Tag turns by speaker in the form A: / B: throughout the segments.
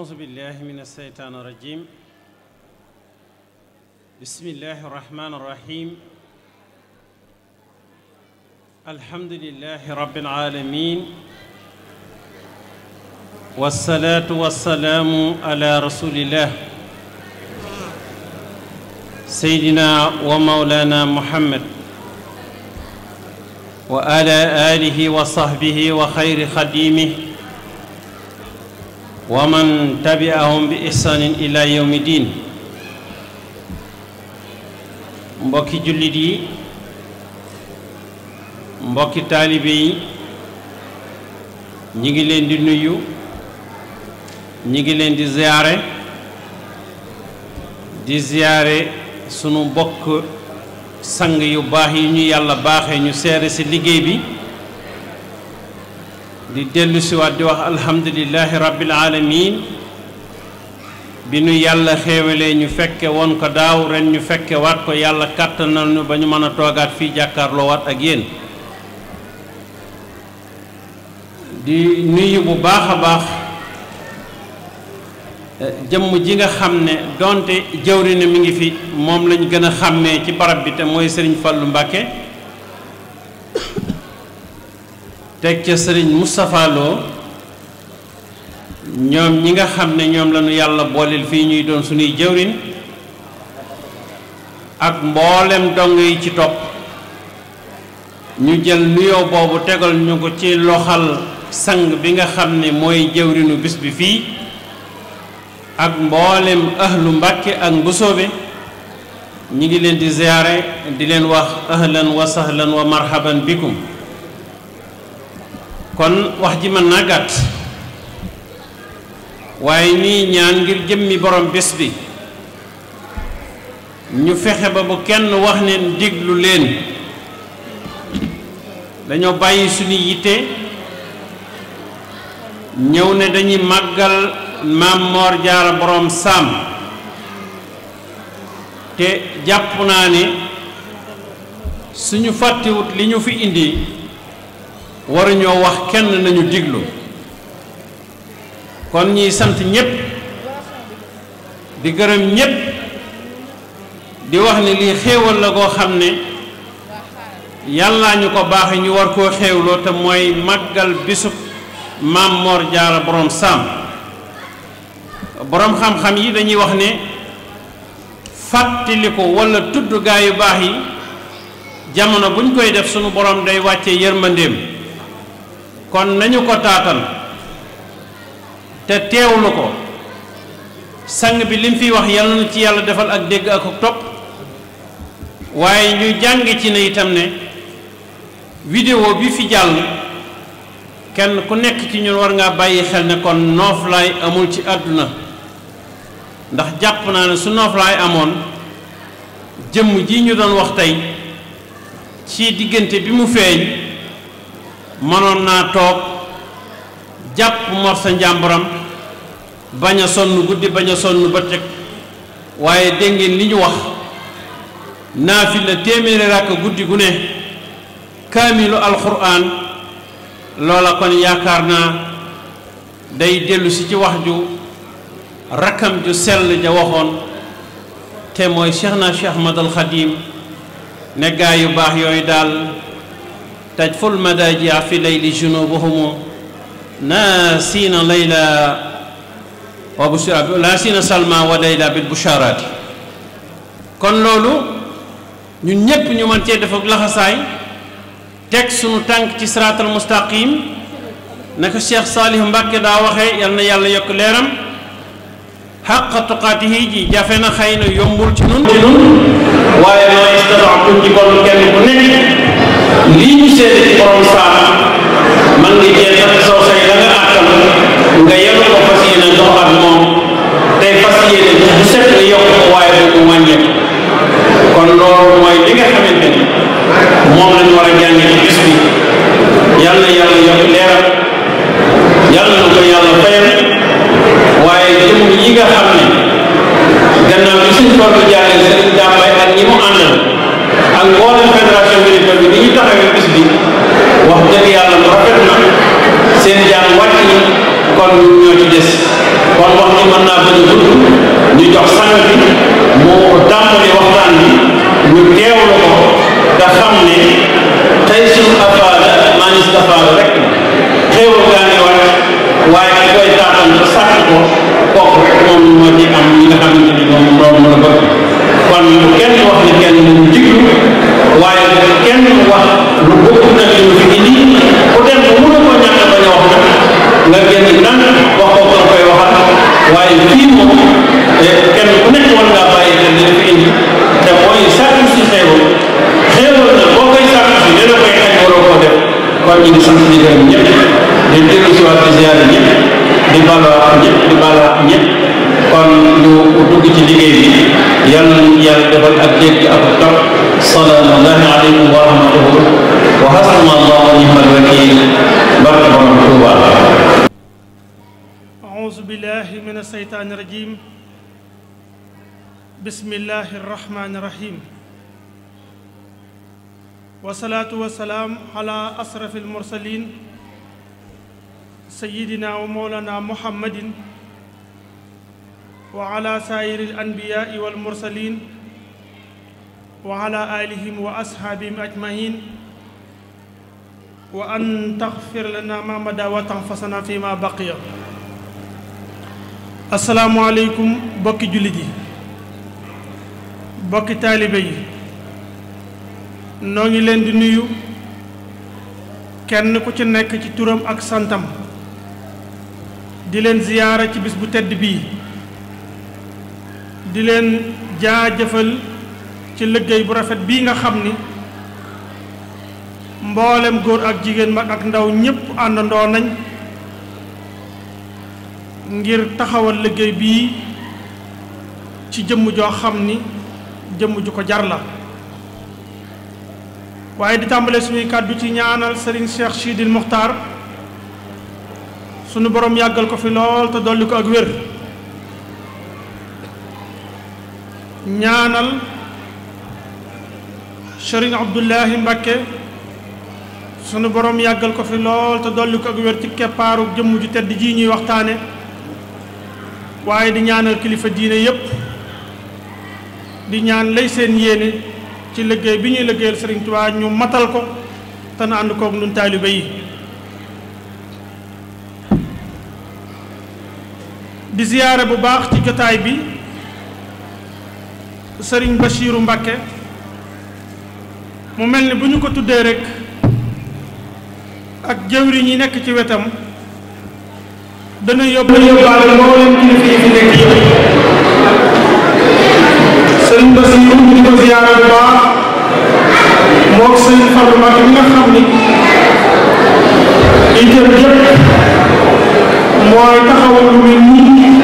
A: أعوذ بالله من الشيطان الرجيم بسم الله الرحمن الرحيم الحمد لله رب العالمين والصلاة والسلام على رسول الله سيدنا ومولانا محمد وعلى آله وصحبه وخير خديمه wa man tabi'ahum bi ihsanin ila yawmi diin mbokki jullit yi mbokki taalibe yi ñi ngi leen di nuyu ñi ngi leen di ziyaare di ziyaare sunu mbokk sang yu baax yi ñu yàlla baaxe ñu seere ci liggéey bi di dellu siwaat di wax alhamdulilahi rabbil alamin bi nu yàlla xéewalee ñu fekke woon ko daaw ren ñu fekke waat ko yàlla kàttanal ñu ba ñu mën a toogaat fii jàkkaarloo wat ak yéen di nuyu bu baax a baax jëmm ji nga xam ne donte jëwri ne mi ngi fi moom lañ gën a xàmmee ci barab bi te mooy Sëriñ Fallu Mbàkke teg ca sëriñ Moustapha Lo ñoom ñi nga xam ne ñoom lañu yàlla booleel fii ñuy doon suñuy jëwriñ ak mboolem dong yi ci topp ñu jël nuyoo boobu tegal ñu ko ci loxal sang bi nga xam ne mooy jëwriñu bis bi fii ak mboolem ahlu Mbàkke ak Mbusoobe ñu ngi leen di ziyaare di leen wax ahlan wa sahlan wa marhaban bikum kon wax ji mën naa gàtt waaye nii ñaan ngir jëmmi borom bés bi ñu fexe ba bu kenn wax ne déglu leen dañoo bàyyi suñu yitte ñëw ne dañuy màggal maam Moor Jaara borom saam te jàpp naa ne suñu fàttewut li ñu fi indi waruñoo wax kenn nañu diglu kon ñiy sant ñépp di gërëm ñépp di wax ni lii xéewal la goo xam ne yàllaa ñu ko baaxe ñu war koo xéewloo te mooy màggal bisub maam Mor Jaara boroom saam boroom xam-xam yi dañuy wax ne fàttaliku walla tudd gaa yu baax yi jamono buñ koy def sunu borom day wàcce yërmandeem kon nañu ko taatal te teewlu ko sang bi lim fiy wax yàlla na ci yàlla defal ak dégg ak topp waaye ñu jàng ci ne itam ne vidéo bi fi jàll kenn ku nekk ci ñun war ngaa bàyyi xel ne kon nooflaay amul ci àdduna ndax jàpp naa ne su nooflaay amoon jëmm ji ñu doon wax tey ci diggante bi mu feeñ mënoon naa toog jàpp mor sa bañ a sonn guddi bañ a sonn bëccëg waaye dégg ngeen li ñu wax naafila téeméeri ràkk guddi gu ne kaamilu alxuraan loola kon yaakaar naa day dellusi ci wax ju rakkam ju sell ja waxoon te mooy Cheikh naa Cheikh Ahmad al Xadim ne gaa yu baax yooyu daal تجف المضاجع في الليل جنوبهم ناسين ليلى وبشرى ناسين سلمى وليلى بالبشارات kon loolu ñun ñépp ñu mën cee def laxasaay teg sunu tànk ci siraatal mustaqim naka Cheikh Saalih Mbàkke daa waxee yal na yàlla yokk leeram xàq a ji jafe na xëy na yombul ci nun waaye ma istataatum ci kon kenn ku nekk lii ñu seede ci borom saam man ngi cee takk saw la nga àttan nga yenu ko fas yéene dox ak moom tey fas yéene bu set la yokk waaye bu mu wàññeeku kon loolu mooy li nga xamante ni moom a jànge ci bis bi yàlla yàlla yokk leeral yàlla na ko yàlla fayal waaye jëm yi nga xam ne gannaaw bi suñ fortu jaaree sëriñ dàmbaay ak ñi mu àndal ak mboolem fédération agricole bi ni ñu taxawee bis bi wax dëgg yàlla lu rafet na seen jaan wàcc ñi kon ñoo des kon wax ni mën naa bañ a gudd ñu jox sang bi moo tàmbali waxtaan bi ñu teewlu ko te xam ne tey suñu afaada manis afaada rek xéew waaye ki koy taataan ba sàkk ko kooku rek moom moo ci am ñi nga xamante ni moom moom la bëgg yi bu kenn wax ne kenn lañ jiglu waaye wax lu bokkul nag ñu fi indi ku dem ba mën a ko ñàkk bañ a wax nag nga génn nan wax ko kan koy waxaat waaye fii moom kenn ku nekk war ngaa bàyyi te dina fi indi te mooy sàkku si xeewal xeewal nag boo koy sàkku si dina koy xaj waroo koo def kon ñu ngi sant di gërëm si waat di ziyaare ñëpp di baloo ñëpp di baloo kon ñu dugg ci liggéey bi yal nañu yàlla defal ak dégg ak topp salaamallaahi aleykum wa rahmatuhu wa hasbuna allaahu ni'mal
B: wakiil barke borom Tuuba
C: auzu billaahi mina shaytaani rajiim bismillaahi rahmaani rahiim wasalaatu wasalaam ala asrafil mursaliin sayyidinaa wa mawlaanaa muhammadin wa ala saayiri alanbiyaai walmursalin wa ala alihim wa ashaabihim ajmain wa an taxfir lana ma mada wa fi ma baqiya asalaamualeykum bokki jullit yi bokki taalibe yi noo ngi leen di nuyu kenn ku ci nekk ci turam ak santam di leen ziyaara ci bis bu tedd bii di leen jaa jëfal ci liggéey bu rafet bii nga xam ni mboolem góor ak jigéen mag ak ndaw ñépp àndandoo nañ ngir taxawal liggéey bii ci jëmm joo xam ni jëmm ju ko jar la waaye di tàmbale suñuy kàddu ci ñaanal Serigne Cheikh Sidil Muxtaar sunu borom yàggal ko fi lool te dolli ko ak wér ñaanal Sëriñ Abdullahi Mbakke sunu borom yàggal ko fi lool te dolli ko ak wér ci keppaaru jëmm ju tedd ji ñuy waxtaane waaye di ñaanal kilifa diine yépp di ñaan lay seen yéene ci liggéey bi ñuy liggéeyal Sëriñ Tuubaa ñu matal ko te na ànd koog nun taalibe yi di ziyaare bu baax ci jotaay bi sëriñ Bachiru Mbàkke mu mel ni bu ñu ko tuddee rekk ak jëwriñ yi nekk ci wetam dana yóbbu yóbbaale moo
B: leen kilifa yi fi nekk yi sëriñ Bachiru ñu di ko ziyaara bu baax mook sëriñ Fallu Mbàkke bi nga xam ni itam yëpp mooy taxawal lu mel nii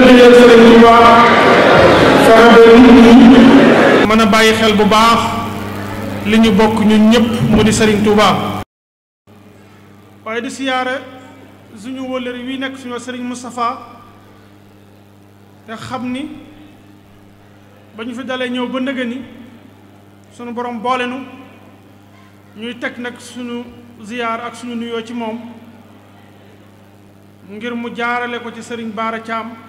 B: lëggéeyal sëriñ Tuubaa
C: mën a bàyyi xel bu baax li ñu bokk ñun ñëpp mu di Serigne Touba. waaye di siyaare suñu wëllëri wi nekk suñu Serigne Moustapha te xam ni ba ñu fi dalee ñëw ba ndëgë ni suñu borom boole nu ñuy teg nag suñu ziyaar ak suñu nuyoo ci moom ngir mu jaarale ko ci Serigne Bara Thiam.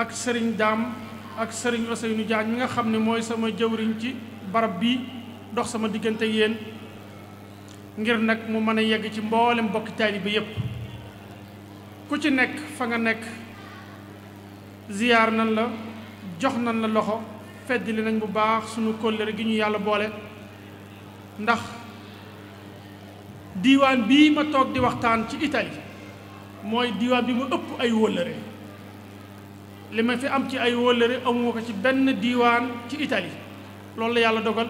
C: ak sëriñ daam ak sëriñ Ousseynou jaan mi nga xam ne mooy sama jëwriñ ci barab bi dox sama diggante yéen ngir nag mu mën a yegg ci mboolem bokki taalibe bi yépp ku ci nekk fa nga nekk ziyaar nan la jox nan la loxo feddali nañ bu baax sunu kóllëre gi ñu yàlla boole ndax diiwaan bi ma toog di waxtaan ci Italie mooy diiwaan bi mu ëpp ay wóllëre li ma fi am ci ay wóllëre amuma ko ci benn diiwaan ci Italie loolu la yàlla dogal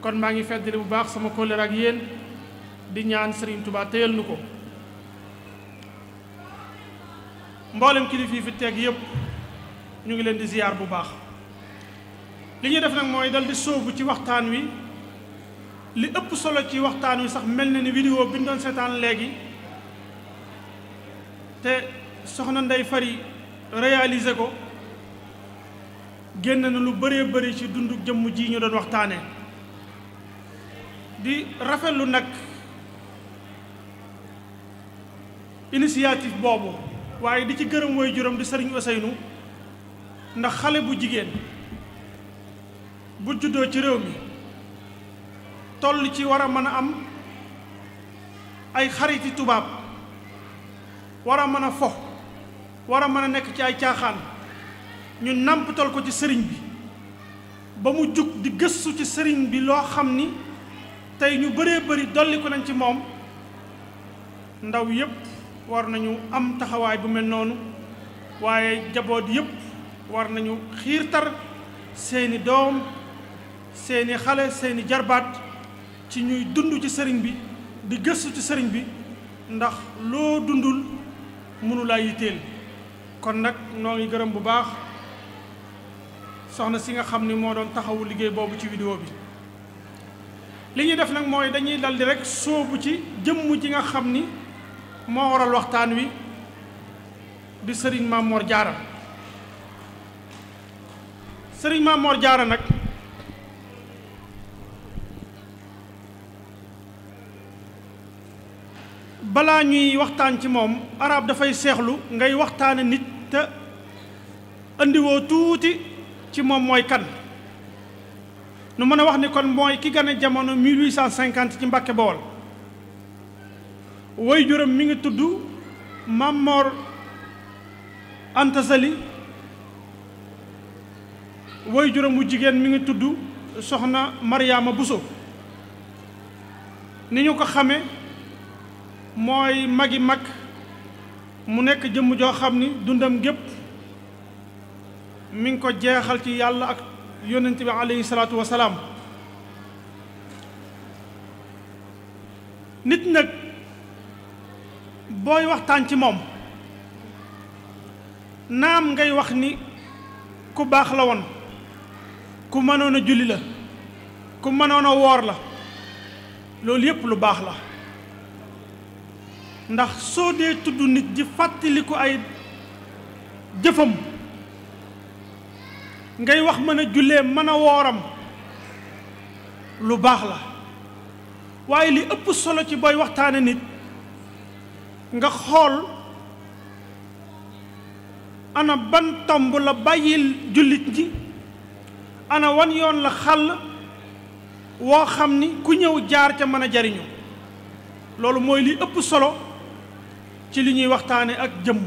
C: kon maa ngi feddali bu baax sama kóllëre ak yéen di ñaan Serigne Touba téyal nu ko mboolem kilifa yi fi teeg yépp ñu ngi leen di ziyaar bu baax li ñuy def nag mooy dal di sóobu ci waxtaan wi li ëpp solo ci waxtaan wi sax mel na ni vidéo bi ñu doon seetaan léegi te soxna ndey Fary réaliser ko génn na lu bëree bëri ci dundu jëmm ji ñu doon waxtaane di rafetlu nag initiative boobu waaye di ci gërëm woy juróom di sëriñ Ousseynou ndax xale bu jigéen bu juddoo ci réew mi toll ci war a mën a am ay xariti tubaab war a mën a fo war a mën a nekk ci ay caaxaan ñu nàmpatal ko ci sëriñ bi ba mu jug di gëstu ci sëriñ bi loo xam ni tey ñu bëree bari dolli ko nañ ci moom ndaw yépp war nañu am taxawaay bu mel noonu waaye jaboot yépp war nañu xiir tar seeni doom seeni xale seeni jarbaat ci ñuy dund ci sëriñ bi di gëstu ci sëriñ bi ndax loo dundul mënu laa yitteel kon nag noo ngi gërëm bu baax soxna si nga xam ni moo doon taxawu liggéey boobu ci vidéo bi li ñuy def nag mooy dañuy daldi rek soobu ci jëmm ji nga xam ni moo waral waxtaan wi di sëriñ Maam Mor Jaara sëriñ Maam Mor nag balaa ñuy waxtaan ci moom arab dafay seexlu ngay waxtaane nit te indiwoo tuuti ci moom mooy kan nu mën a wax ni kon mooy ki gane jamono 1850 ci Mbàkke Bawol way juróom mi ngi tudd Mamor Anta woy way juróom wu jigéen mi ngi tudd soxna Mariama Buso ni ñu ko xame mooy magi mag mu nekk jëmm joo xam ni dundam gépp mi ngi ko jeexal ci yàlla ak yonent bi alayhi salaatu wasalaam nit nag booy waxtaan ci moom naam ngay wax ni ku baax la woon ku mënoon a julli la ku mënoon a woor la loolu yépp lu baax la ndax soo dee tudd nit di fàttali ko ay jëfam ngay wax mën a jullee mën a wooram lu baax la waaye li ëpp solo ci booy waxtaane nit nga xool ana ban tomb la bàyyil jullit ji ana wan yoon la xàll woo xam ni ku ñëw jaar ca mën a jariñu loolu mooy li ëpp solo ci li ñuy waxtaane ak jëm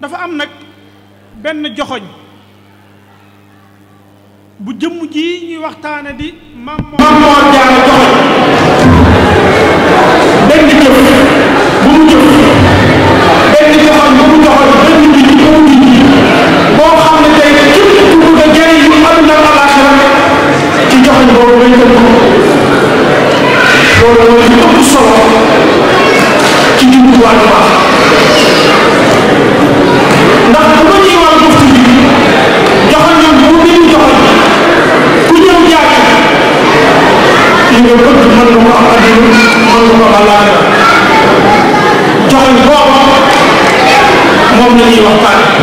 C: dafa am nag benn joxoñ bu jëmm jii ñuy waxtaane di Maam Moor Jaara joxoñ
B: benn jëf bu mu jëf benn joxoñ bu mu joxoñ benn bi boo xam ne tey képp ku bëgg a jëriñ ñu àdduna ak àllaaxira ci joxoñ boobu ngay tënk loolu mooy li ëpp solo Tuubaa du am ndax bu ma ñuy wax mufti bi joxoon bu mu ñu joxoon ku ñëw jaay li nga bëgg mën nga ko am addina mën nga ko am àllaaxira joxoon boobu moom la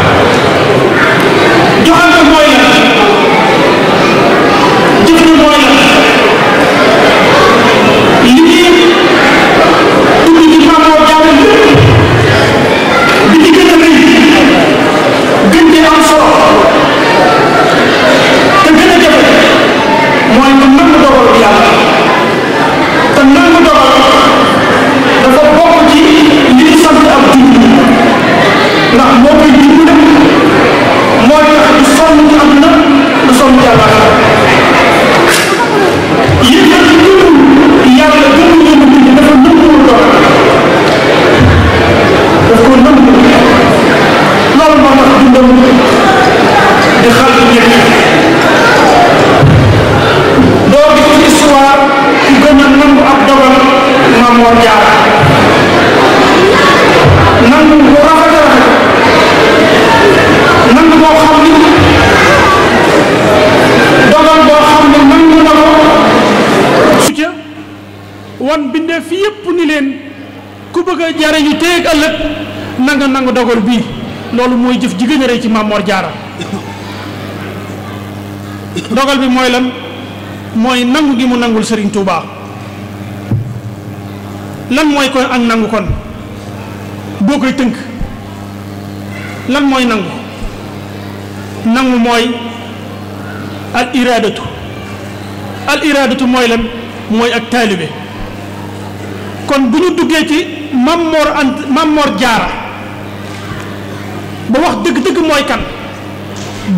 C: nangu dogal bii loolu mooy jëf ji gën a ci Maam Mor Jaara dogal bi mooy lan mooy nangu gi mu nangul Serigne Touba lan mooy kon ak nangu kon boo koy tënk lan mooy nangu nangu mooy al iradatu al iradatu mooy lan mooy ak taalibe kon bu ñu duggee ci Mamor Ant Mamor Jaara mooy kan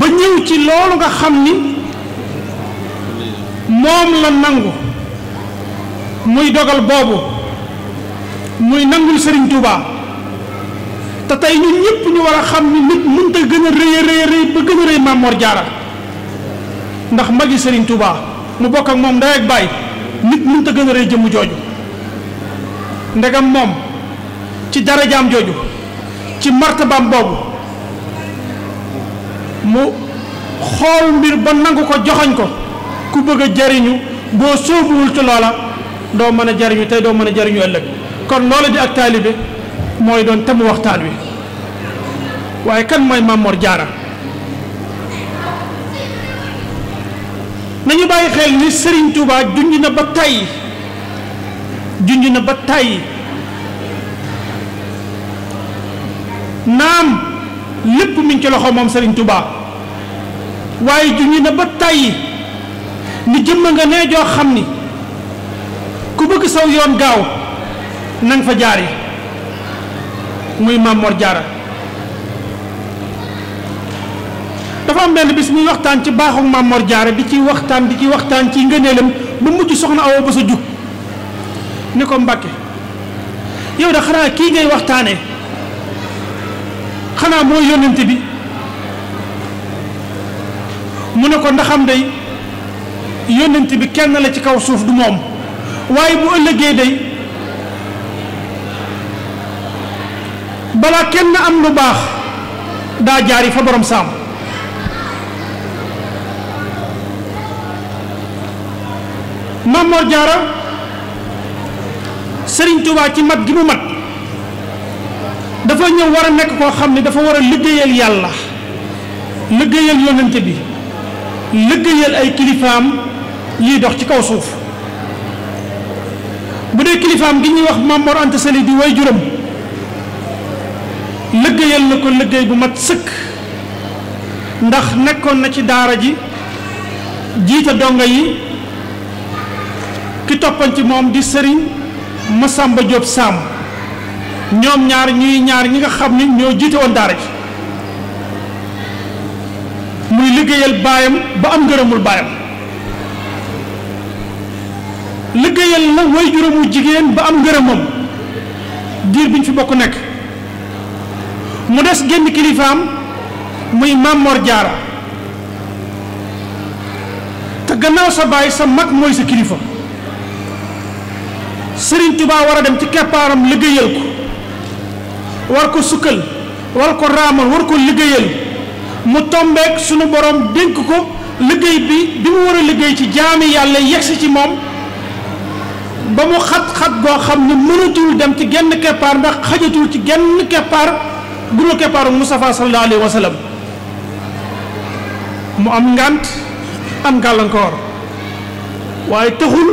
C: ba ñëw ci loolu nga xam ni moom la nangu muy dogal boobu muy nangul sëriñ Touba te tey ñun ñëpp ñu war a xam ni nit mënta gën a rëy rëy rëy ba gën a rëy Mamor Diarra ndax magi sëriñ Touba mu bokk ak moom ndey ak baay nit mënta gën a rëy jëmm jooju ndegam moom ci darajaam jooju ci martabaam boobu. mu xool mbir ba nangu ko joxoñ ko ku bëgg jariñu boo sóobuwul ci loola doo mën a jariñu tey doo mën a jariñu ëllëg kon loola di ak taalibe mooy doon temu waxtaan wi waaye kan mooy Mame Mor Diarra nañu bàyyi xel ni Serigne Touba junj na ba tàyyi junj na ba tàyyi naam lépp mi ci loxo moom Serigne Touba waaye juñu na ba tàyyi ni jëmm nga nee joo xam ni ku bëgg saw yoon gaaw nang fa jaar yi muy Maam Mor Jaara dafa am benn bis muy waxtaan ci baaxu Maam Mor Jaara di ci waxtaan di ci waxtaan ci ngëneelam ba mujj soxna Awa ba sa jug ni ko Mbàkke yow da xanaa kii ngay waxtaane xanaa mooy yónnante bi mu ne ko ndaxam day yónnent bi kenn la ci kaw suuf du moom waaye bu ëllëgee day balaa kenn am lu baax daa jaari fa borom saam Mamor Jaara Sëriñ Tuubaa ci mat gi mu mat dafa ñëw war a nekk koo xam ne dafa war a liggéeyal yàlla liggéeyal yónnent bi liggéeyal ay kilifaam yiy dox ci kaw suuf bu dee kilifaam gi ñuy wax Maam Mor Anta di way juróom liggéeyal na ko liggéey bu mat sëkk ndax nekkoon na ci daara ji jiite donga yi ki toppan ci moom di sëriñ sàmba Diop sàmm ñoom ñaar ñuy ñaar ñi nga xam ni ñoo jiite woon daara ji liggéeyal baayam ba am ngërëmul baayam liggéeyal na way juróomu jigéen ba am ngërëmam diir bi ñu fi bokk nekk mu des genn kilifaam muy Maam Mor Jaara te gannaaw sa baay sa mag mooy sa kilifa Sëriñ Tuubaa war a dem ci keppaaram liggéeyal ko war ko sukkal war ko raamal war ko liggéeyal mu tombeek sunu borom dénk ko liggéey bi bi mu war a liggéey ci jaami yàlla yegsi ci moom ba mu xat-xat goo xam ne mënatul dem ci genn keppaar ndax xajatul ci genn keppaar bu dul keppaaru Mustafa sallallahu alayhi wa sallam mu am ngant am gàllankoor waaye taxul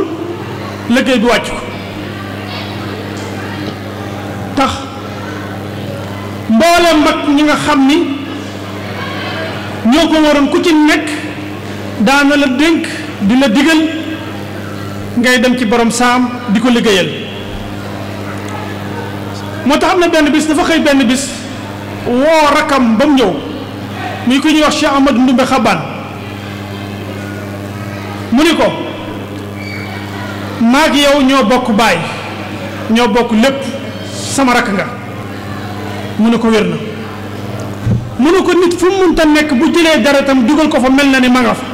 C: liggéey bi wàcc ko tax mboolem mag ñi nga xam ni ñoo ko waroon ku ci nekk daana la dénk di la digal ngay dem ci borom saam di ko liggéeyal moo tax am na benn bis dafa xëy benn bis woo rakam ba mu ñëw muy ku ñuy wax Cheikh Amadou Ndumbe Xabaan mu ni ko maag yow ñoo bokk baay ñoo bokk lépp sama rakk nga mu ne ko wér na mu ne ko nit fu mu mënta nekk bu jëlee dara itam dugal ko fa mel na ni ma nga fa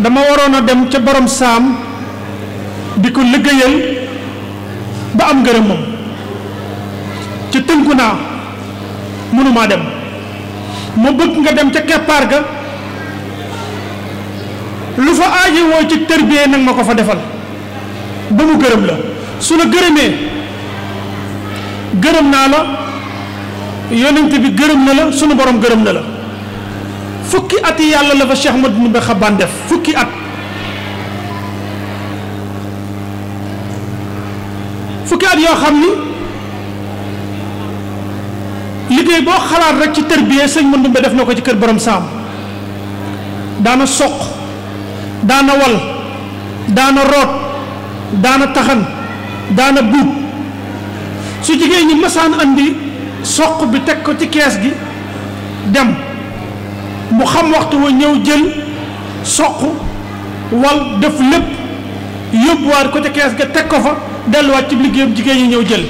C: dama waroon a dem ca borom saam di ko liggéeyal ba am ngërëm moom ca tënku naa mënumaa dem ma bëgg nga dem ca keppaar ga lu fa aaji woo ci tërbiyee nag ma ko fa defal ba mu gërëm la su la gërëmee gërëm naa la yonent bi gërëm na la sunu borom gërëm na la fukki at yi yàlla la fa Cheikh Ahmad Bamba Xaban def fukki at fukki at yoo xam ni liggéey boo xalaat rek ci tërbiyee sëñ Ahmad Bamba def na ko ci kër borom saam daana soq daana wal daana root daana taxan daana buub su jigéen ñi masaan andi soq bi teg ko ci kees gi dem mu xam waxtu wa ñëw jël soq wal def lépp yóbbuwaat ko ca kees ga teg ko fa delluwaat ci liggéeyam jigéen ñu ñëw jël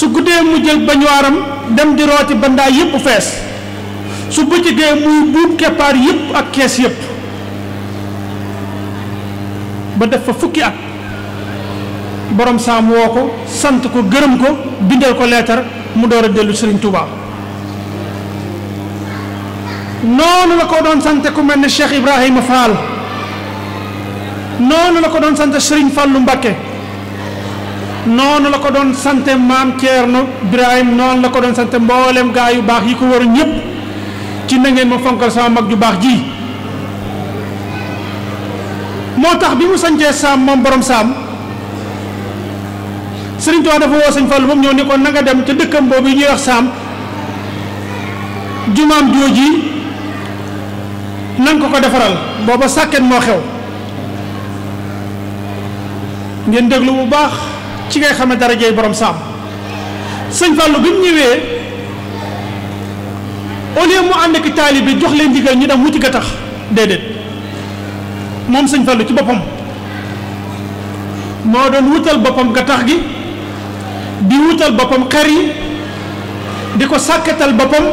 C: su guddee mu jël bañuwaaram dem di rooti bandaay yëpp fees su bëccëgee muy buub keppaar yëpp ak kees yépp ba def fa fukki at boroom saam woo ko sant ko gërëm ko bindeel ko leetar mu door a dellu Serigne Touba noonu la ko doon sante ku mel ne Cheikh Ibrahima Fall noonu la ko doon sante Serigne Fallou Mbakke noonu la ko doon sante maam Thierno Ibrahim noonu la ko doon sante mboolem gaa yu baax yi ko waru ñëpp ci na ngeen ma fonkal sama mag ju baax ji moo tax bi mu sancee saam moom borom saam. Sëriñ Tuubaa dafa woo Sëñ Fallu moom ñëw ni ko na dem ca dëkkam boobu yi ñuy wax saam jumaam jooji nan ko ko defaral booba sàkket moo xew ngeen déglu bu baax ci ngay xame dara jeey boroom saam Sëñ Fallu bi mu ñëwee au mu ànd ak taalibe bi jox leen ndigal ñu dem wuti ga tax déedéet moom Sëñ Fallu ci boppam moo doon wutal boppam gattax gi di wutal boppam xer yi di ko sàkkatal boppam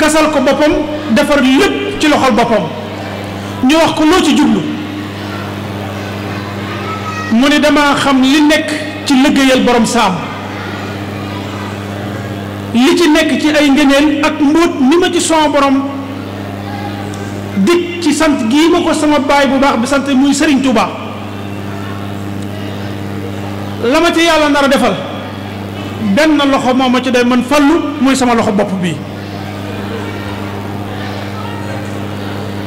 C: gasal ko boppam defar lépp ci loxol boppam ñu wax ko loo ci jublu mu ni dama xam li nekk ci liggéeyal borom saam li ci nekk ci ay ngëneel ak mbóot ni ma ci son borom dig ci sant gi ma ko sama baay bu baax bi sant muy Serigne Touba la ma ci yàlla nar a defal benn loxo moom ma ci doy man fàllu mooy sama loxo bopp bii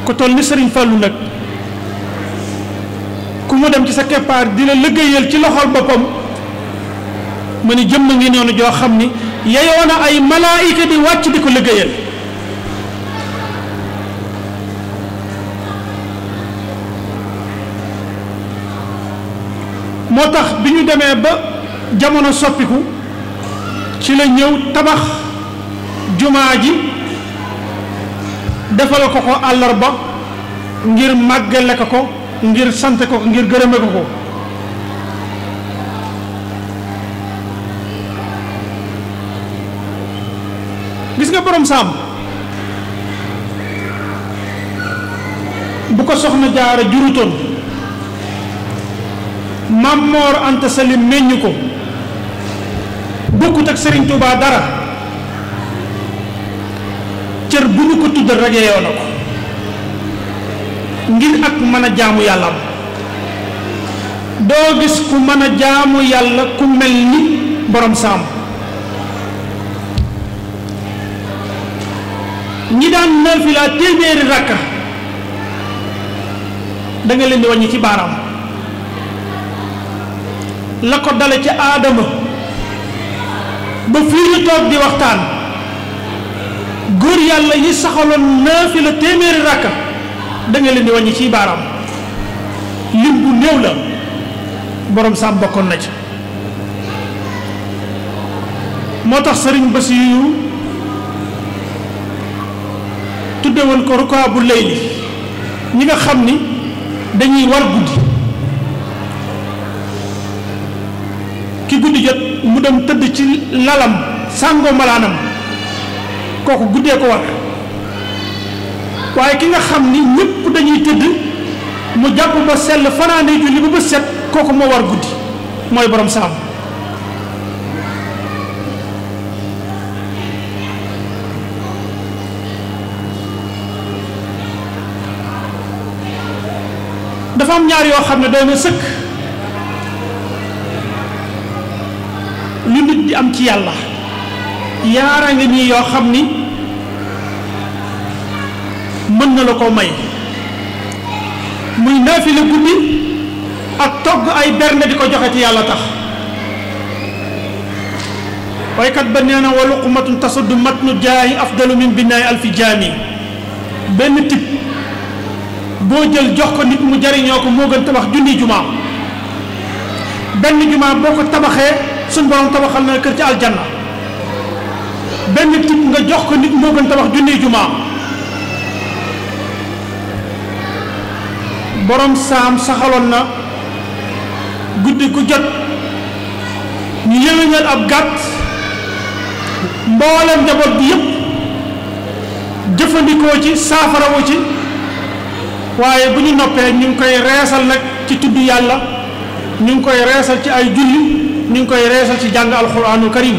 C: ku toll ni sëriñ fàllu nag ku mu dem ci sa keppaar di la liggéeyal ci loxol boppam mu jëm jëmm ngi noonu joo xam ni yeyoo na ay malaayika di wàcc di ko liggéeyal moo tax bi ñu demee ba jamono soppiku ci la ñëw tabax jumaa ji defal ko ko àllarba ngir màggale ko ko ngir sant ko ko ngir gërëme ko ko gis nga borom saam bu ko soxna jaara jurutoon Maam Moor Anta Sali meññ ko bokkut ak Serigne Touba dara cër bu ñu ko tuddal rek yeyoo ko ngir ak mën a jaamu yàlla doo gis ku mën a jaamu yàlla ku mel ni borom saam ñi daan nafila téeméeri rakka da leen di wàññi ci baaraam la ko dale ci aadama ba fii ñu toog di waxtaan góor yàlla yi saxaloon la téeméeri rakka da nga leen di wàññi ciy baaraam lim bu néew la borom saam bokkoon na ci moo tax sëriñ yu tuddewoon ko rukaa bu lay ñi nga xam ni dañuy war guddi guddi jot mu dem tëdd ci lalam sàngoo malaanam kooku guddee ko war waaye ki nga xam ni ñëpp dañuy tëdd mu jàpp ba sell fanaanee julli ba ba set kooku moo war guddi mooy boroom saam dafa am ñaar yoo xam ne doy sëkk gi nit di am ci yàlla yaara nga yoo xam ni mën na la koo may muy naafile guddi ak togg ay berne di ko joxe ci yàlla tax waykat ba nee na wa luqmatun tasuddu matnu jaayi afdalu min binaay alfi jaami benn tib boo jël jox ko nit mu jariñoo ko moo gën tabax junni jumaa benn jumaa boo ko tabaxee suñ borom tabaxal na kër ci aljanna benn tib nga jox ko nit moo gën tabax junni jumaa borom saam saxaloon na guddi ku jot ñu yëwéñal ab gàtt mboolem njaboot bi yëpp jëfandikoo ci saafarawu ci waaye bu ñu noppee ñu ngi koy reesal nag ci tudd yàlla ñu ngi koy reesal ci ay julli ñu ngi koy reesal ci jàng alxuraanu karim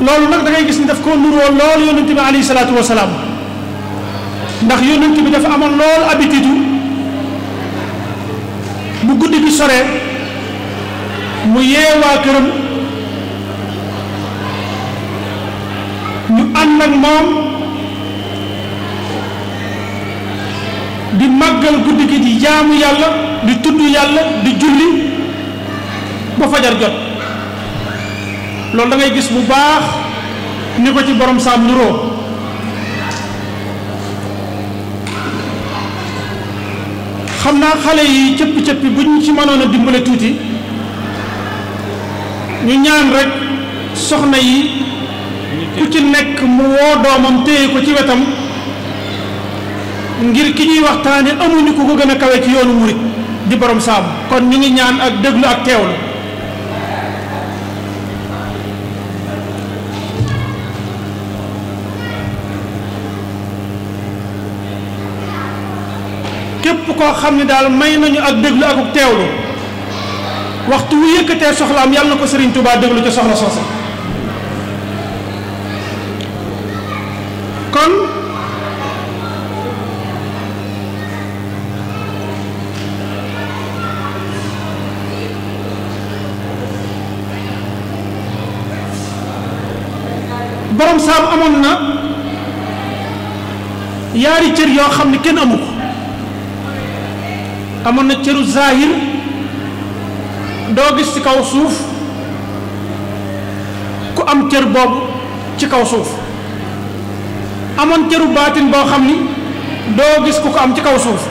C: loolu nag da gis ni daf koo nuroo lool yonent bi alayhi salaatu wasalaam amoon lool habitude bu guddi bi soree mu yee waa këram ñu ànd ak moom di màggal guddi gi di jaamu yàlla di tudd yàlla di julli ba fajar jot loolu dangay ngay gis bu baax ni ko ci borom saam nuroo xam naa xale yi cëppi cëppi bu ñu ci mënoon dimbale tuuti ñu ñaan rek soxna yi ku ci nekk mu woo doomam téye ko ci wetam ngir ki ñuy waxtaane amuñu ku ko gën a kawe ci yoonu murit di borom saabu kon ñu ngi ñaan ak déglu ak teewlu képp koo xam ne daal may nañu ak déglu ak teewlu waxtu wu yëkkatee soxlaam yàlla na ko Serigne Touba déglu ca soxla soosa kon borom saam amoon na yaari cër yoo xam ne kenn amu amoon na cëru zahir doo gis ci kaw suuf ku am cër boobu ci kaw suuf amoon cëru baatin boo xam ni doo gis ku ko am ci kaw suuf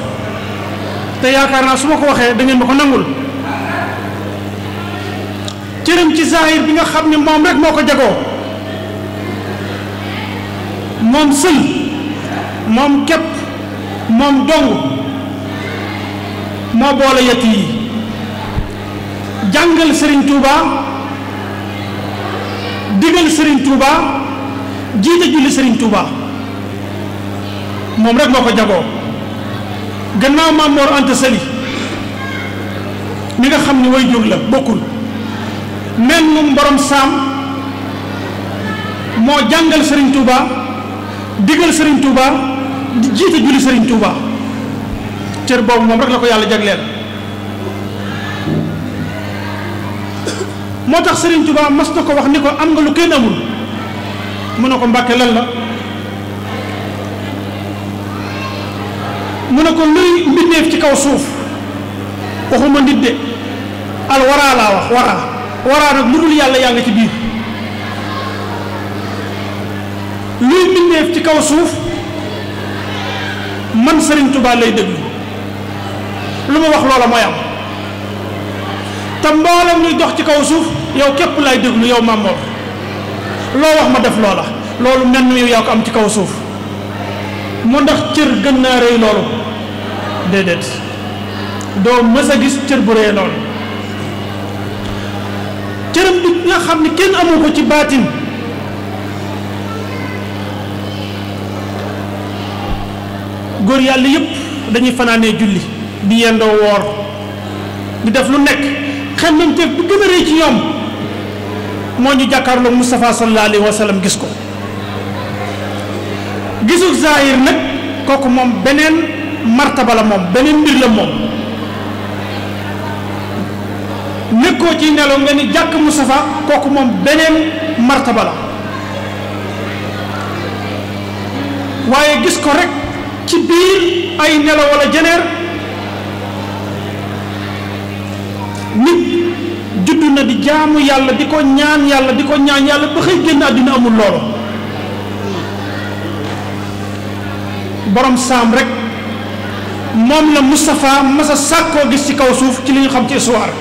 C: te yaakaar naa su ma ko waxee dangeen ngeen ma ko nangul cëram ci zahir bi nga xam ne moom rek moo ko jagoo moom sël moom képp moom dong moo boole yett yi jàngal Serigne Touba digal sëriñ Touba jiite julli sëriñ Touba moom rek moo ko jagoo gannaaw maam Mor mi nga xam ni way jóg bokkul mel moom moo jàngal Serigne Touba digal Serigne Touba jiite julli Serigne Touba cër boobu moom rek la ko yàlla jagleel. moo tax Serigne Touba mas na ko wax ni ko am nga lu kenn amul mu ne ko Mbàkke lan la mu ne ko luy mbindeef ci kaw suuf waxuma nit de al laa wax waraa waraa nag lu dul yàlla yaa ci biir luy mbindeef ci kaw suuf man sëriñ Touba lay déglu lu ma wax loola mooy te mboolem luy jox ci kaw suuf yow képp lay déglu yow Mame Mor loo wax ma def loola loolu mel ni yow yaa am ci kaw suuf mu ndax cër gën naa rëy loolu déedéet doo mës a gis cër bu rëy loolu cëram bi nga xam ne kenn amu ko ci baatin góor yàlla yëpp dañuy fanaanee julli di yendoo woor di def lu nekk xemmanteef bi gën a rëy ci ñoom moo ñu jàkkaarloog Moustapha sallallahu alayhi wa gis ko gisul zahir nag kooku moom beneen martaba la moom beneen mbir la moom nekkoo ci nelaw nga ni jàkk Moustapha kooku moom beneen martaba la waaye gis ko rek ci biir ay nelaw wala jeneer nit juddu na di jaamu yàlla di ko ñaan yàlla di ko ñaan yàlla ba xëy génn àddina amul loolu borom saam rek moom la Moustapha masa sàkkoo gis ci kaw suuf ci li ñu xam ci histoire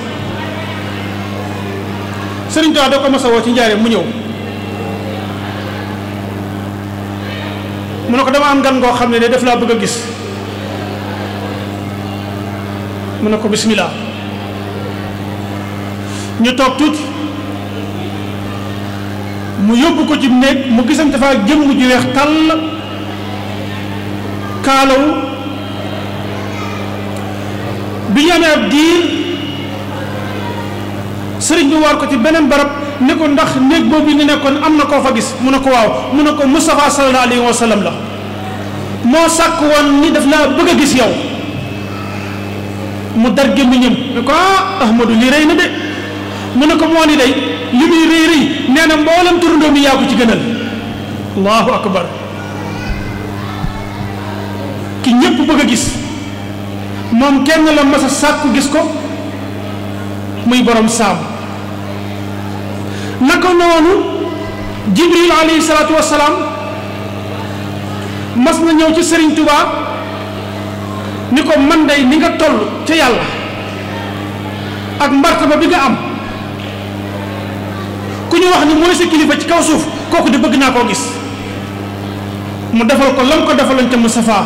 C: Sëriñ Tuubaa ko masa woo ci njaaree mu ñëw mun ne ko dama am gan ngoo xam ne de def laa bëgg a gis mu ne ko bismillah ñu toog tuuti mu yóbbu ko ci néeg mu gisante fa jëmm ju weex tàll kaalawu bi ñu amee ab sëriñ bi waar ko ci beneen barab ne ko ndax néeg boobu ni nekkoon am na koo fa gis mu ne ko waaw mu ne ko Moustapha sallallahu alayhi wa sallam la moo sàkk woon ni daf laa bëgg a gis yow mu dar gémmiñam ne ko ah Ahmadou lii rëy na de mu ne ko moo ni day li muy rëy rëy nee na mboolam turandoo mi yaa ci gënal allahu akbar ki ñépp bëgg a gis moom kenn la mas a gis ko muy borom saam naka noonu jibril alayhi salaatu wasalaam mas na ñëw ci sëriñ tubaa ni ko man day ni nga toll ca yàlla ak mbartaba bi nga am ku ñu wax ni mooy sa kilifa ci kaw suuf kooku de bëgg naa koo gis mu defal ko lan ko defaloon ca Moustapha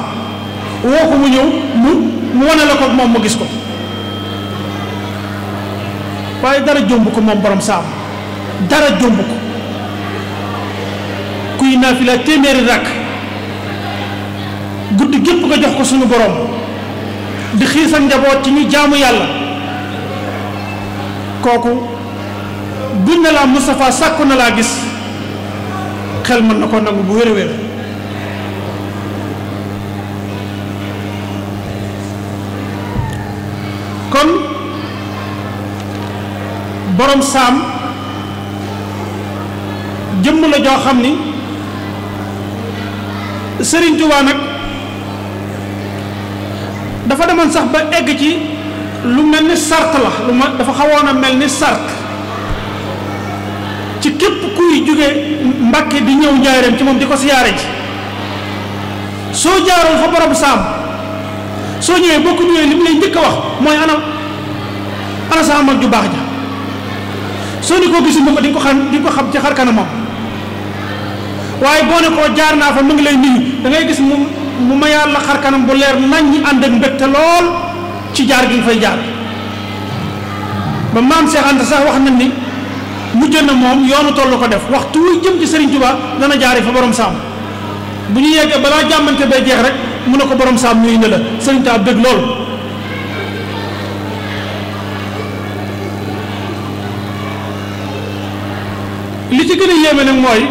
C: woo ko mu ñëw mu mu wane la ko moom mu gis ko waaye dara jomb ko moom borom saam dara jomb ko kuy naafila téeméeri rakk gudd gépp nga jox ko suñu borom di xiir sa njaboot ci ñu jaamu yàlla kooku buñ ne laa Moustapha na laa gis xel mën na ko nangu bu wér wér kon borom saam jëmm la joo xam ni Sëriñ Tuubaa nag dafa demoon sax ba egg ci lu mel ni sart la lu ma dafa xawoon a mel ni sart képp kuy jóge mbakke di ñëw njaareem ci moom di ko siyaare ji soo jaaroon fa borom saam soo ñëwee boo ko ñëwee li mu lay njëkk a wax mooy ana ana sa ju baax ja soo ni koo gisul ko di ko xam di ko xam ci xar kanamam waaye boo ne koo jaar naa fa mu ngi lay nuyu da ngay gis mu mu ma yàlla xar kanam bu leer nañ ñi ànd ak mbégte lool ci jaar gi nga fay jaar ba maam Cheikh Anta sax wax nañ ni mujj na moom yoonu toll ko def waxtu wuy jëm ci sëriñ Touba dana jaari fa borom saam bu ñu yeggee balaa jàmmante bay jeex rek mu ne ko borom saam nuyu na la Serigne Touba bëgg li ci gën a yéeme nag mooy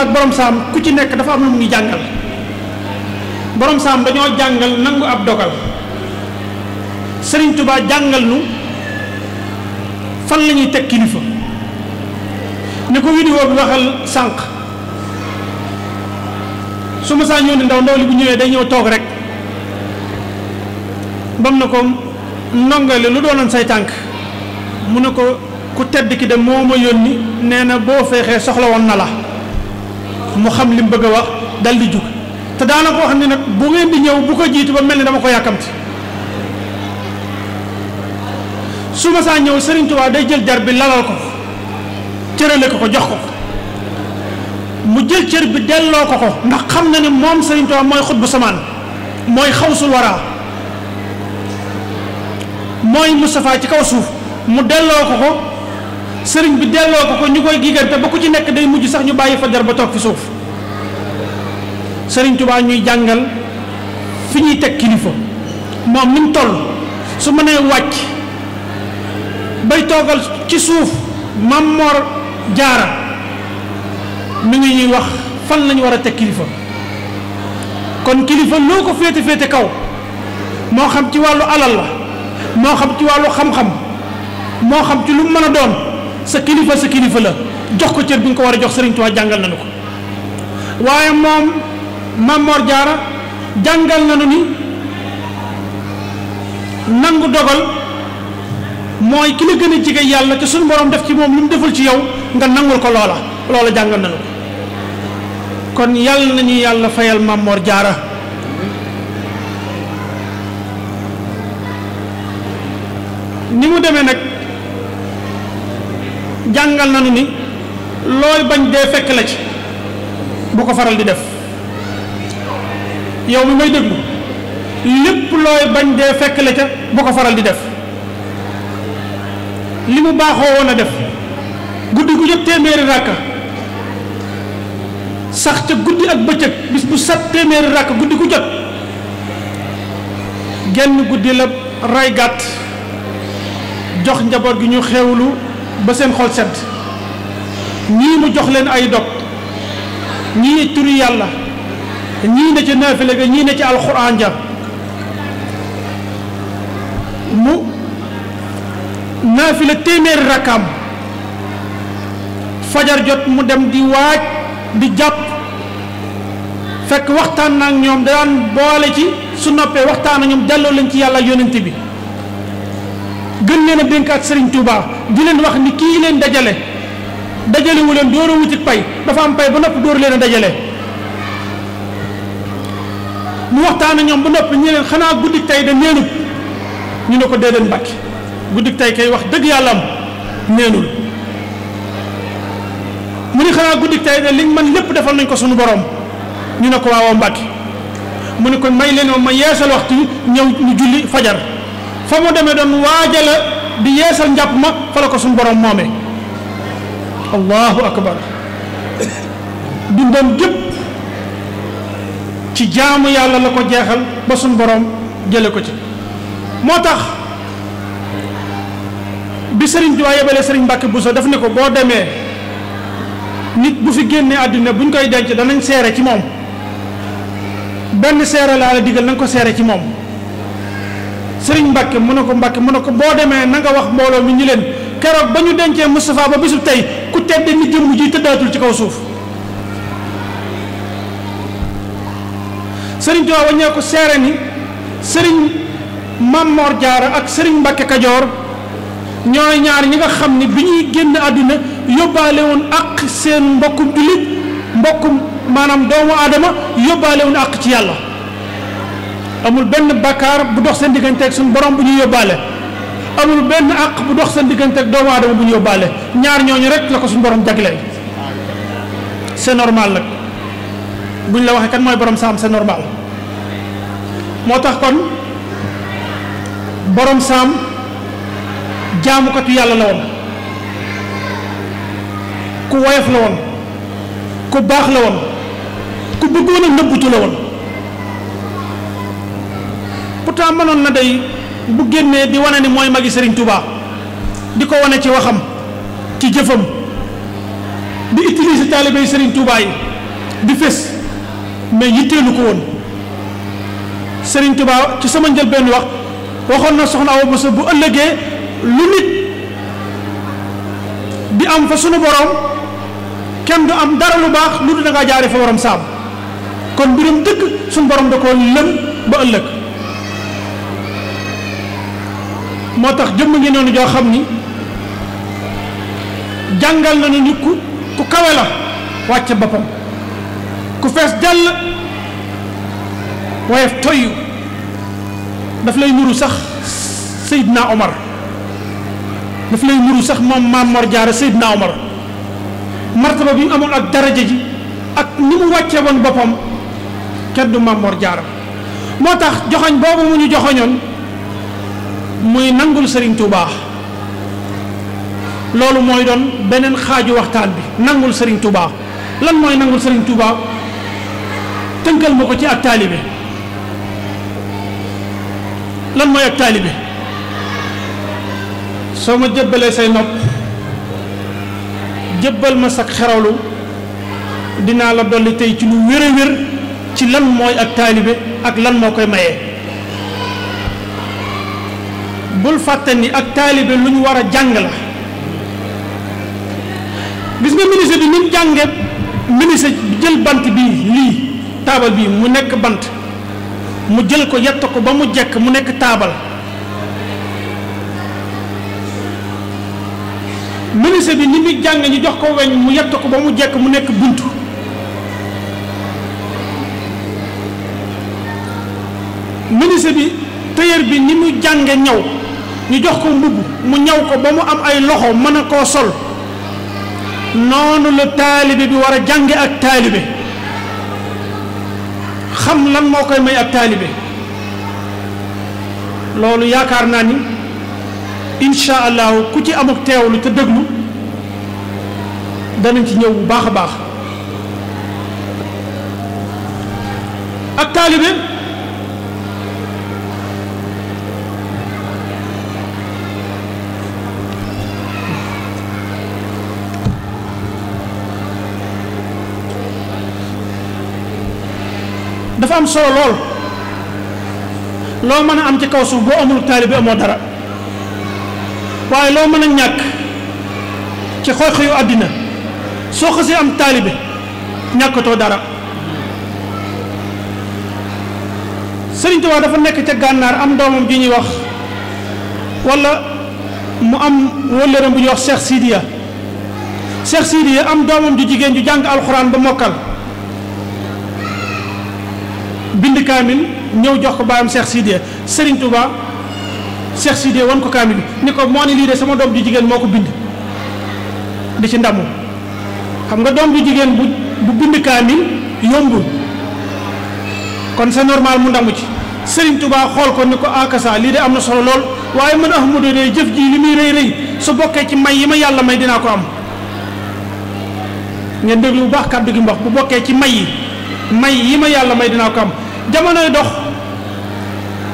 C: ak borom saam ku ci nekk dafa am lu mu ngi jàngal borom saam dañoo jàngal nangu ab dogal sëriñ Touba jàngal nu. fan la ñuy teg kilifa ni ko vidéo bi waxal sànq su ma saa ñëw ne ndaw ndaw li bu ñëwee day ñëw toog rek bam na ko ndongale lu doonoon say tànk mu ne ko ku tedd ki de moo ma yónni nee na boo feexee soxla woon na la mu xam li mu bëgg a wax dal di jug te daana ko wax ni nag bu ngeen di ñëw bu ko jiitu ba mel ni dama ko yàkkamti su ma saa ñëw Serigne Touba day jël jar bi lalal ko cërale ko ko jox ko mu jël cër bi delloo ko ko ndax xam na ne moom Serigne Touba mooy xut bu samaan mooy xawsul waraa mooy Moustapha ci kaw suuf mu delloo ko ko sëriñ bi delloo ko ko ñu koy gigante ba ku ci nekk day mujj sax ñu bàyyi fajar ba toog fi suuf sëriñ Touba ñuy jàngal fi ñuy teg kilifa moom ni mu toll su mënee wàcc. bay toogal ci suuf Maam Mor Jaara mi ngi ñuy wax fan lañu war a teg kilifa kon kilifa loo ko féete féete kaw moo xam ci wàllu alal la moo xam ci wàllu xam-xam moo xam ci lu mu mën a doon sa kilifa sa kilifa la jox ko cër bi nga ko war a jox Serigne Touba waaye moom Maam Mor Jaara jàngal nañu ni nangu dogal mooy ki la gën a jege yàlla te suñu borom def ci moom lu mu deful ci yow nga nangul ko loola loola jàngal nañu ko kon yàlla nañu yàlla fayal Mamor Jaara ni mu demee nag jàngal nanu ni looy bañ dee fekk la ci bu ko faral di def yow mi may déglu lépp looy bañ dee fekk la ca bu ko faral di def li mu baaxoo woon a def guddi ku jot téeméeri ràkka sax ca guddi ak bëccëg bis bu sat téeméeri ràkka guddi gu jot genn guddi la ray gàtt jox njaboot gi ñu xewlu ba seen xol sedd ñii mu jox leen ay dog ñii turi yàlla ñii ne ci naafile ga ñii ne ci alxuraan ja naafila téeméeri rakkaam fajar jot mu dem di waaj di jàpp fekk waxtaan na ak ñoom daan boole ci su noppee waxtaan ak ñoom delloo leen ci yàlla yónnent bi gën leen a dénkaat Serigne Touba di leen wax ni kii leen dajale dajalewu leen door a wutit pay dafa am pay ba nopp dóor leen a dajale mu waxtaan na ñoom ba noppi ñu leen xanaa guddi tey da neenut ñu ne ko dee leen mbàkki guddik tey kay wax dëgg yàlla am neenul mu ni xanaa guddik tey de liñ man lépp defal nañ ko suñu borom ñu ne ko waawoo Mbàkke mu ne kon may leen ma ma yeesal waxtu ñëw ñu julli fajar fa mu demee doon waajala di yeesal njàpp ma fa la ko sunu borom moomee allahu akbar dundam gépp ci jaamu yàlla la ko jeexal ba sunu borom jële ko ci moo tax bi Serigne Touba yebalee Serigne Mbacke Bousso daf ne ko boo demee nit bu fi génnee àdduna buñ koy denc danañ seere ci moom benn seere laa la digal na ko seere ci moom sëriñ Mbacke mun ne ko Mbacke mu ne ko boo demee na nga wax mbooloo mi ñu leen keroog ba ñu dencee Moustapha ba bisu tey ku tedd ni jëmm ji tëddaatul ci kaw suuf Serigne Touba waññee ko seere ni Serigne Mamor Diarra ak Serigne Mbacke Kajoor ñooy ñaar ñi nga xam ne bi ñuy génn àddina yóbbaale woon ak seen mbokkum jullit mbokkum maanaam doomu aadama yóbbaale woon àq ci yàlla amul benn bakkaar bu dox seen diggante suñu borom bu ñu yóbbaale amul benn àq bu dox seen diggante doomu aadama bu ñu yóbbaale ñaar ñooñu rek la ko suñu borom jagleel c'est normal nag buñ la waxee kan mooy borom saam c'est normal moo tax kon borom saam. jaamukatu yàlla la woon ku woyof la woon ku baax la woon ku bëggoon nëbbutu la woon pourtant manoon na day bu génnee di wane ni mooy magi Serigne Touba di ko wane ci waxam ci jëfam di utiliser taalibey Serigne Touba yi di fés mais yitteelu ko woon Serigne Touba ci sama njëlbeen wax waxoon na soxna Awa Bousso bu ëllëgee. lu nit di am fa sunu borom kenn du am dara lu baax lu du da jaare fa borom saab kon mbirum dëkk sunu borom da koo lëm ba ëllëg moo tax jëmm ngi noonu joo xam ni jàngal nañu ni ku ku kawe la wàcce boppam ku fees dell woyof toyyu daf lay nuru sax Seydina Omar def lay muru sax moom maam Mor Jaara Seydina Omar martaba bi amul amoon ak daraja ji ak ni mu wàcce woon boppam kenn du maam Jaara moo tax joxoñ boobu mu ñu joxoñoon muy nangul Serigne baax loolu mooy doon beneen xaaju waxtaan bi nangul Serigne Touba lan mooy nangul Serigne Touba tënkal ma ko ci ak taalibe lan mooy ak taalibe soo ma jëbbalee say nopp jëbbal ma sag xerawlu dinaa la dolli tey ci lu wér wér ci lan mooy ak taalibe ak lan moo koy maye bul fàtte ni ak taalibe lu ñu war a jàng la gis nga ministre bi ni jàngee ministre jël bant bi lii taabal bi mu nekk bant mu jël ko yett ko ba mu jekk mu nekk taabal menuisier bi ni muy jàng ñu jox ko weñ mu yett ko ba mu jekk mu nekk bunt menuisier bi tailleur bi ni mu jànge ñaw ñu jox ko mbubb mu ñaw ko ba mu am ay loxo mën a koo sol noonu la taalibe bi war a jànge ak taalibe xam lan moo koy may ak taalibe loolu yaakaar naa ni incha ku ci amuk teewlu te déglu danañ ci ñëw bu baax a baax ak taalibe dafa am solo lool loo mën a am ci kaw suuf boo amul taalibe amoo dara waaye loo mën a ñàkk ci xooy-xooyu àddina soo xasee am taalibe ñàkkatoo dara Sëriñ dafa nekk ca gànnaar am doomam ji ñuy wax wala mu am wëllëram bu ñuy wax Cheikh Sidiya Cheikh Sidiya am doomam ju jigéen ju jàng alxuraan ba mokkal bind kaamil ñëw jox ko baayam Cheikh Sidiya Sëriñ Cheikh Sidé wan ko kaamil ni ko moo ni lii de sama doom ju jigéen moo ko bind di ci ndamu xam nga doom ju jigéen bu bu bind kaamil yombul kon c'est normal mu ndamu ci Serigne Touba xool ko ni ko akasa ah lii de am na solo lool waaye man Ahmadu de jëf ji li muy rëy rëy su bokkee ci may yi ma yàlla may dinaa ko am ngeen déglu bu baax kàddu gi mbox bu bokkee ci may yi may yi ma yàlla may dinaa ko am jamonoy dox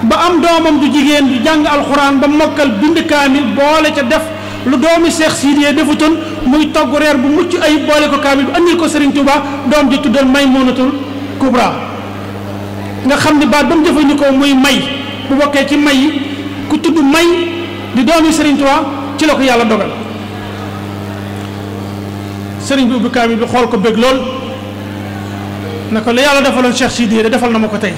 C: ba am doomam du jigéen ju jàng alxuraan ba mokkal bind kaamil boole ca def lu doomi Cheikh Sidiye defutoon muy togg reer bu mucc ayib boole ko kaamil bi andil ko Serigne Touba doom ji tuddal Maymunatul Kubra nga xam ni baat ba mu jëfandikoo muy may bu bokkee ci may yi ku tudd may di doomi Serigne Touba ci la ko yàlla dogal Serigne bi ubbi kaamil bi xool ko bëgg lool na ko la yàlla defaloon Cheikh Sidiye de defal na ma ko tey.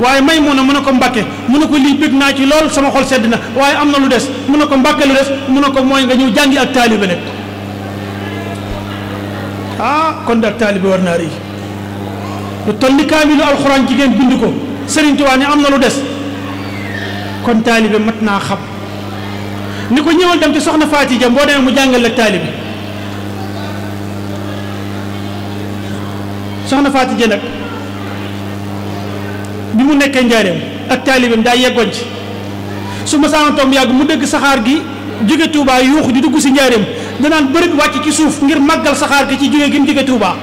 C: waaye may mun na mun a ko mbàkke mun na ko lii bëgg naa ci lool sama xol sedd na waaye am na lu des mun na ko mbàkke lu des mun na ko mooy nga ñëw jàngi ak taalibe nag ah kon ak taalibe war naa rëy lu toll ni kaamilu alxuraan jigéen bind ko Sëriñ Tuubaa am na lu des kon taalibe mat naa xam ni ko ñëwal dem ci soxna Faati Jam boo demee mu jàngale ak taalibe soxna Faati Jam nag bi mu nekkee njaareem ak taalibeem daa yeggoon ci su ma saana toog yàgg mu dégg saxaar gi jóge Touba yuuxu di dugg si njaareem danaan bërit wàcc ci suuf ngir màggal saxaar gi ci jóge gi mu jóge Touba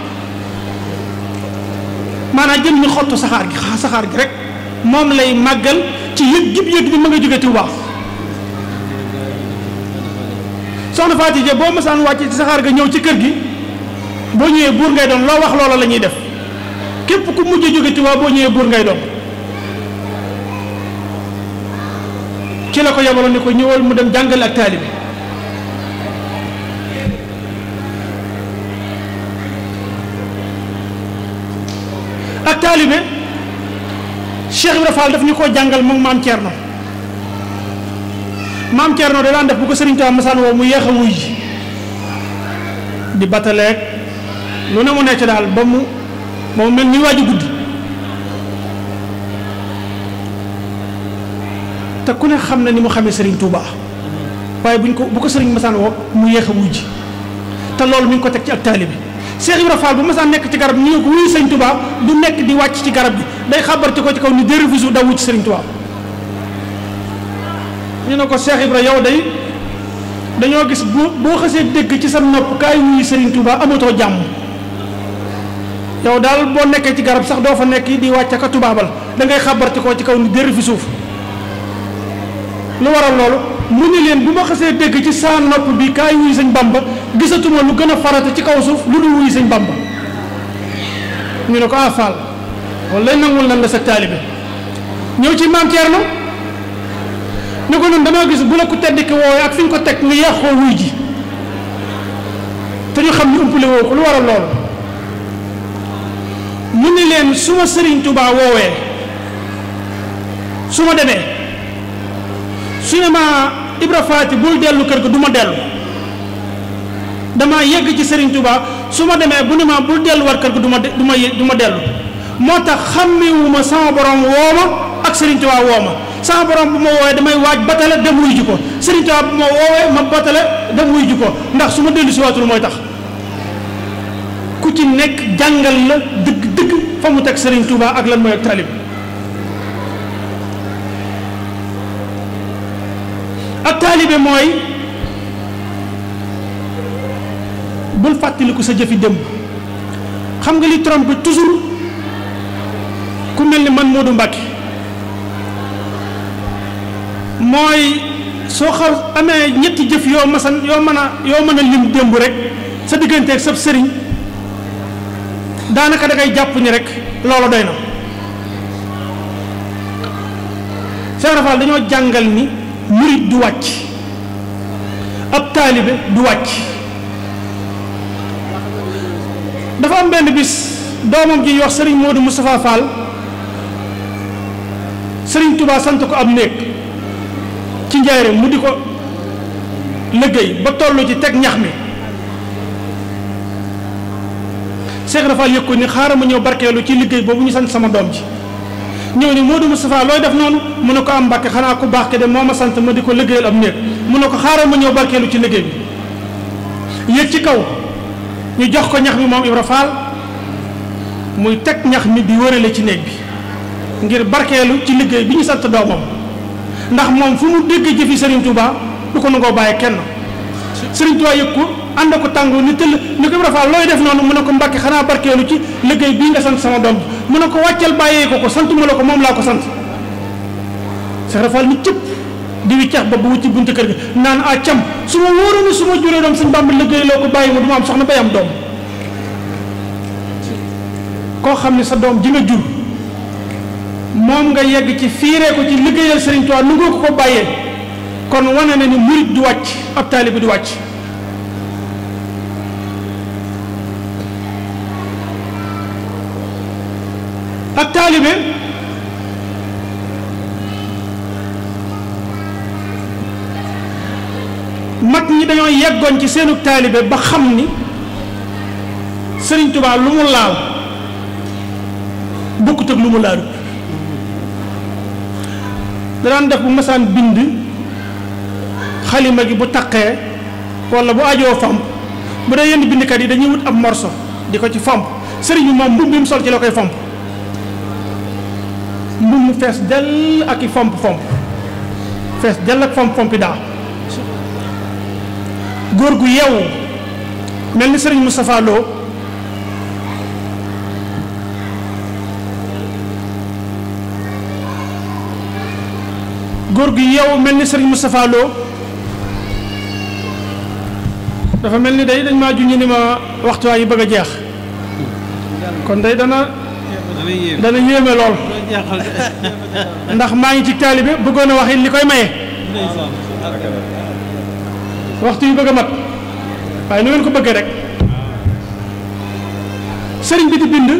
C: maanaam jën mi xottu saxaar gi saxaar gi rek moom lay màggal ci yëg gib ma nga jóge Touba soxna Fatou Diop boo masaan wàcc ci saxaar gi ñëw ci kër gi boo ñëwee buur ngay doon loo wax loola la ñuy def képp ku mujj jóge Touba boo ñëwee buur ngay doon ci la ko yabaloon ni ko ñëwal mu dem jàngal ak taalibe ak taalibe Cheikh Ibrahima Fall daf ñu koo jàngal moom maam Thierno maam Thierno de daan def bu ko Serigne Touba masaan woo mu yéex wuy ji di bataleeg lu ne mu nekk daal ba mu ba mu mel ni waaju guddi. te ku ne xam na ni mu xamee Serigne Touba waaye buñ ko bu ko Serigne Massane woo mu yéex a wujj te loolu mu ngi ko teg ci ak taalibe Cheikh Ibra Fall nekk ci garab ni ko wuyu Serigne Touba du nekk di wàcc ci garab bi day xabarti ko ci kaw ni dérivisu da wujj Serigne Touba ñu ne ko Cheikh Ibra yow day dañoo gis boo boo xasee dégg ci sa nopp kaay wuyu Serigne Touba amatoo jàmm yow daal boo nekkee ci garab sax doo fa nekk di wàcc tubaabal da ngay xabarti ko ci kaw ni dérivisu suuf. lu waral loolu mu ni leen bu ma xasee dégg ci saa nopp bi kaay wuy sëñ bamba gisatuma lu gën a farata ci kaw suuf lu dul wuy sëñ bamba ñu ne ko ah Fall wala nangul nan la sa taalibe ñëw ci maam Thierno ne ko noonu damaa gis bu la ko tedd ki ñu ko teg nga yàqoo ji te xam lu waral loolu mu ni leen su ma sëriñ Tuubaa woowee su ma demee su ne ma Ibra Faati bul dellu kër ga du ma dellu damaa yegg ci Serigne Touba su ma demee bu ne ma bul delluwaat kër ga du ma du ma du ma dellu moo tax xàmmewuma sama borom woo ma ak sëriñ Touba woo ma sama borom bu ma woowee damay waaj batale dem wuy ji ko Serigne Touba bu ma woowee ma batale dem wuy ji ko ndax su ma dellu si waatul mooy tax ku ci nekk jàngal la dëgg dëgg fa mu teg Serigne Touba ak lan mooy ak talib ak taalibe mooy bul fàttaliku sa jëfi démb xam nga li trompe toujours ku mel ni man Modou Mbacké mooy soo xaw amee ñetti jëf yoo masan yoo mën a yoo mën a lim démb rek sa diggante ak sa sëriñ daanaka dangay ngay jàpp ni rek loolu doy na Cheikh Rafal dañoo jàngal ni murit du wàcc ab taalibe du wàcc dafa am benn bis doomam ji yox sëriñ Modou mu Fall sëriñ Touba sant ko ab néeg ci njaareem mu di ko liggéey ba toll ci teg ñax mi Cheikh Rafal yëg ko ni xaaral ma ñëw barkeelu ci liggéey boobu ñu sant sama doom ji ñëw ne Modou Moustapha looy def noonu mu ne ko am mbàkke xanaa ku baax ke de moo ma sant ma di ko liggéeyal am néeg mu ne ko xaaral ma ñëw barkeelu ci liggéey bi ci kaw ñu jox ko ñax mi moom Ibra Fall muy teg ñax mi di wërale ci néeg ngir barkeelu ci liggéey bi sant doomam ndax moom fu mu dégg jëfi Serigne Touba du ko nangoo bàyyi kenn Serigne Touba yëg ko ànd ko tàngoo ni tëll ni ko Ibra Fall looy def noonu mu ne ko Mbàkke xanaa barkeelu ci liggéey bii nga sant sama doom bi mu ne ko wàccal bàyyee ko ko santuma la ko moom laa ko sant Cheikh Ibra Fall ni cëpp di wi cax ba bu wuti buntu kër gi naan a cam su ma wóoroon su ma juree doom suñ bàmb liggéey loo ko bàyyi ma du ma am soxna bay am doom koo xam ne sa doom ji nga jur moom nga yegg ci fiiree ko ci liggéeyal Sëriñ Tuubaa nu nga ko ko bàyyee kon wane na ni murit du wàcc ab taalibe du wàcc mag dañoo yeggoon ci seenu taalibe ba xam ni sëriñ Tuubaa lu mu laal bokkut lu mu laalut danaan def bu masaan bind xalima gi bu taqee walla bu ajoo fomp bu dee yenn bindkat yi dañuy wut ab morso di ko ci fomp sëriñ moom mbubb bi mu sol ci la koy fomp mbubb mu fees dell ak i fomp fomp fees dell ak fomp fompi daa góor gu yeewu mel ni sëriñ Moustapha Lo góor gu yeewu mel ni sëriñ Moustapha Lo dafa mel ni day dañ ma junj ni ma waxtuwaay yi bëgg a jeex kon day dana
D: dana yéeme lool
C: ndax maa ngi ci taalibe bëggoon a wax li koy maye waxtu yu bëgg a mat waaye nu ngeen ko bëggee rek sëriñ bi di bind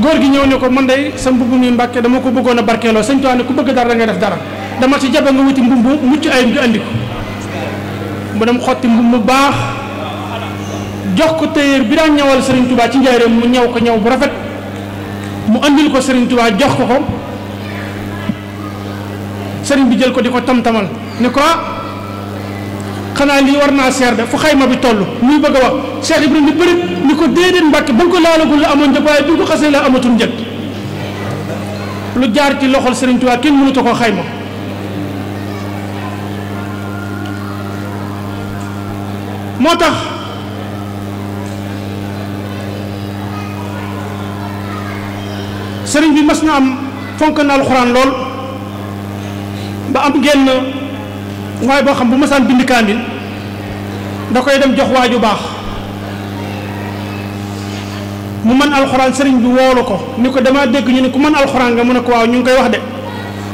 C: góor gi ñëw ne ko man day sa mbubb mi mbàkke dama ko bëggoon a barkeeloo sëñ Tuubaa ne ku bëgg dara da ngay def dara dama ci jabe nga wuti mbumbu mucc ayib nga andi ko dem xotti mbumbu baax jox ko téyeer bi daan ñawal sëriñ tubaa ci njaareem mu ñaw ko ñaw bu rafet mu andil ko sëriñ Tuubaa jox ko ko sëriñ bi jël ko di ko tam-tamal ne ko ah, xanaa lii war naa seer de fu xayma bi toll muy bëgg a wax Cheikh Ibrahim ni bërit ni ko déedéet mbàkke ba nga ko laalagul la amoon njëg waaye bi nga ko la amatul njëg lu jaar ci loxol Serigne Touba kenn mënuta koo xayma moo tax sëriñ bi mas na am fonk na alxuraan lool ba am génn waaye boo xam bu masaan bind kaamil da koy dem jox waaju baax mu mën alxuraan sëriñ bi woolu ko ni ko dama dégg ñu ne ku mën alxuraan nga mu ne ko waaw ñu ngi koy wax de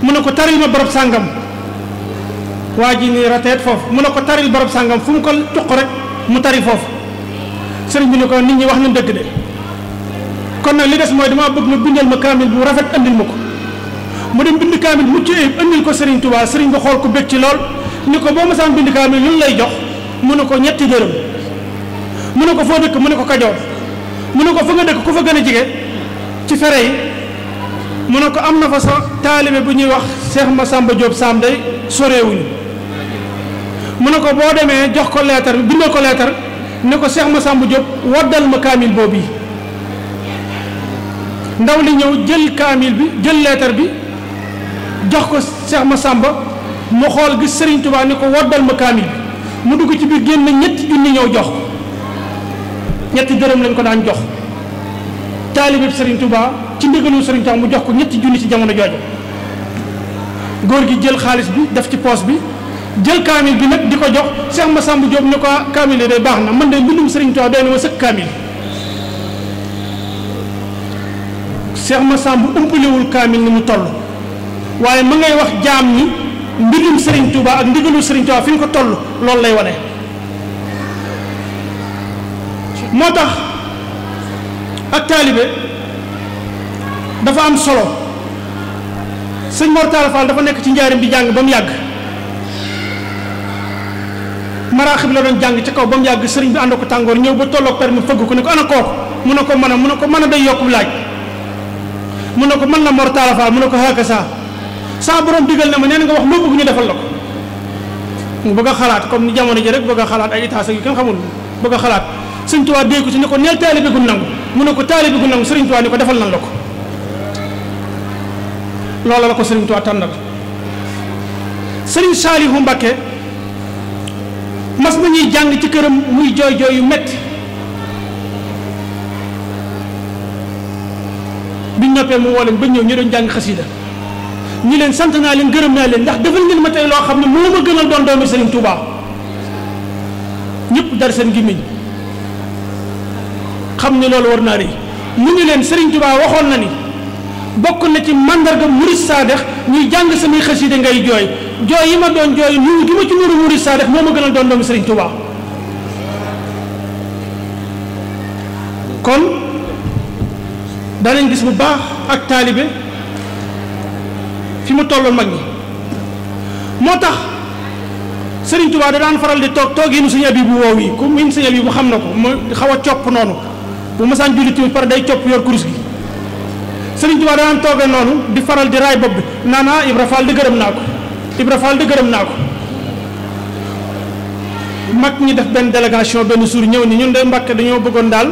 C: mu ne ko taril ma barab sàngam waa ji ni rateet foofu mu ne ko taril barab sàngam fu mu ko tuq rek mu tari foofu sëriñ bi ni ko nit ñi wax nañ dëgg de kon nag li des mooy damaa bëgg nga bindal ma kaamil bu rafet andil ma ko mu dem bind kaamil mucc ayib andil ko sëriñ Tuubaa sëriñ ba xool ko bëgg ci lool ni ko boo masaan bind kaamil lu lay jox mu ne ko ñetti dërëm mu ne ko foo dëkk mu ne ko kajoor mu ne ko fa nga dëkk ku fa gën a jege ci fere yi mu ne ko am na fa sax taalibe bu ñuy wax Cheikh Massamba Diop Sam day soreewuñu mu ne ko boo demee jox ko leetar bi bindal ko leetar ni ko seex Cheikh Massamba Diop waddal ma kaamil boobu yi ndaw li ñëw jël kaamil bi jël leetar bi jox ko ma sàmba mu xool gis Serigne Touba ni ko woddal ma kaamil bi mu dugg ci biir génn ñetti junni ñëw jox ñetti dërëm lañ ko daan jox taalibe Serigne Touba ci ndigalu Serigne Touba mu jox ko ñetti junni ci jamono jooju góor gi jël xaalis bi def ci poos bi jël kaamil bi nag di ko jox seex ma Massamba Diop ne ko ah kaamil yi day baax na man de mbindum Serigne Touba doy na ma sëkk kaamil Cheikh Massamba umpalewul kaamil ni mu toll waaye ma ngay wax jaam ni mbigum sëriñ Touba ak ndigalu Serigne Touba fi ñu ko toll loolu lay wane. moo tax ak taalibe dafa am solo sëñ Mor Talla Fall dafa nekk ci njaarim bi jàng ba mu yàgg maraaxib la doon jàng ca kaw ba mu yàgg sëriñ bi ànd ko tàngoor ñëw ba tolloog permi fëgg ko ne ko ana kooku mun na ko mën a mun na ko mën a day yokku laaj mun na ko mën la Mor mu Fall ko xaaka saa saa borom digal na ma nee na nga wax loo bëgg ñu defal la ko mu bëgg xalaat comme ni jamono ji rek bëgg xalaat ay itaas ak yu kenn xamul bëgg xalaat sëñ Tuubaa dégg ko ci ne ko neel taalibe gu nangu mu ne ko taalibe gu nangu sëriñ Tuubaa ni ko defal nan la ko loola la ko sëriñ Tuubaa tànnal sëriñ Saalihu Mbàkke mas na ñuy jàng ci këram muy jooy jooy yu metti biñ noppee mu woo leen ba ñëw ñu doon jàng xasida ñi leen sant naa leen gërëm naa leen ndax defal ngeen ma tey loo xam ne moo ma gënal doon doomi Serigne Touba ñëpp dar seen gémmiñ xam ne loolu war naa ni mu ngi leen sëriñ Touba waxoon na ni bokk na ci mandarga murid saadex ñuy jàng samay xasida ngay jooy jooy yi ma doon jooy ñu gi ma ci nuru murid saadex moo ma gënal doon doomi Serigne Touba kon danañ gis bu baax ak taalibe fi mu tolloon mag ñi moo tax Serigne Touba da daan faral di toog toog yi nu suñu abi bu woow yi ku min suñu abi bu xam na ko mu xaw a copp noonu bu masaan julli tamit pare day copp yor kurus gi Serigne Touba da daan toogee noonu di faral di raay bopp bi naanaa ah, Ibra Fall di gërëm naa ko Ibra mag ñi def benn délégation benn suur ñëw ni ñun de Mbàkke dañoo bëggoon daal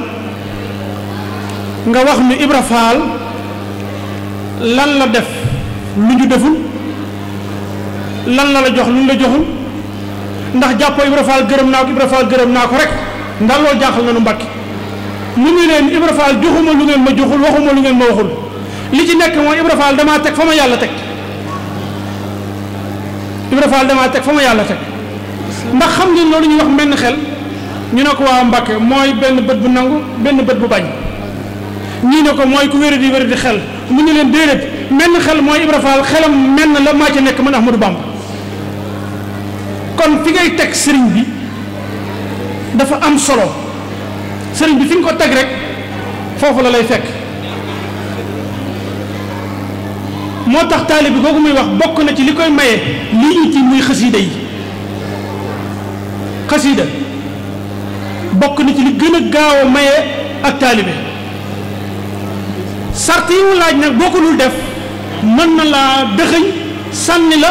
C: nga wax nu Ibra Fall lan la def lu ñu deful lan la la jox lu la joxul ndax jàppoo Ibra Fall gërëm naa ko Ibra Fall gërëm naa ko rek ndax loolu jaaxal na nu Mbàkke mu ngi leen Ibra Fall joxuma lu ngeen ma joxul waxuma lu ngeen ma waxul li ci nekk mooy Ibra Fall damaa teg fa ma yàlla teg Ibra Fall teg fa ma yàlla teg ndax xam ngeen loolu ñuy wax menn xel ñu ne ko waa Mbàkke mooy benn bët bu nangu benn bët bu bañ nii ne ko mooy ku wéradi wéradi xel mu ne leen déedéet menn xel mooy Ibra Fall xelam menn la maa ci nekk man Ahmadou Bamba kon fi ngay teg sëriñ bi dafa am solo sëriñ bi fi nga ko teg rek foofu la lay fekk moo tax taalib bi kooku muy wax bokk na ci li koy maye lii ñu ci muy xasiida yi xasiida bokk na ci li gën a gaaw a maye ak taalibe sart yi mu laaj nag boo ko dul def mën na laa dëxëñ sànni la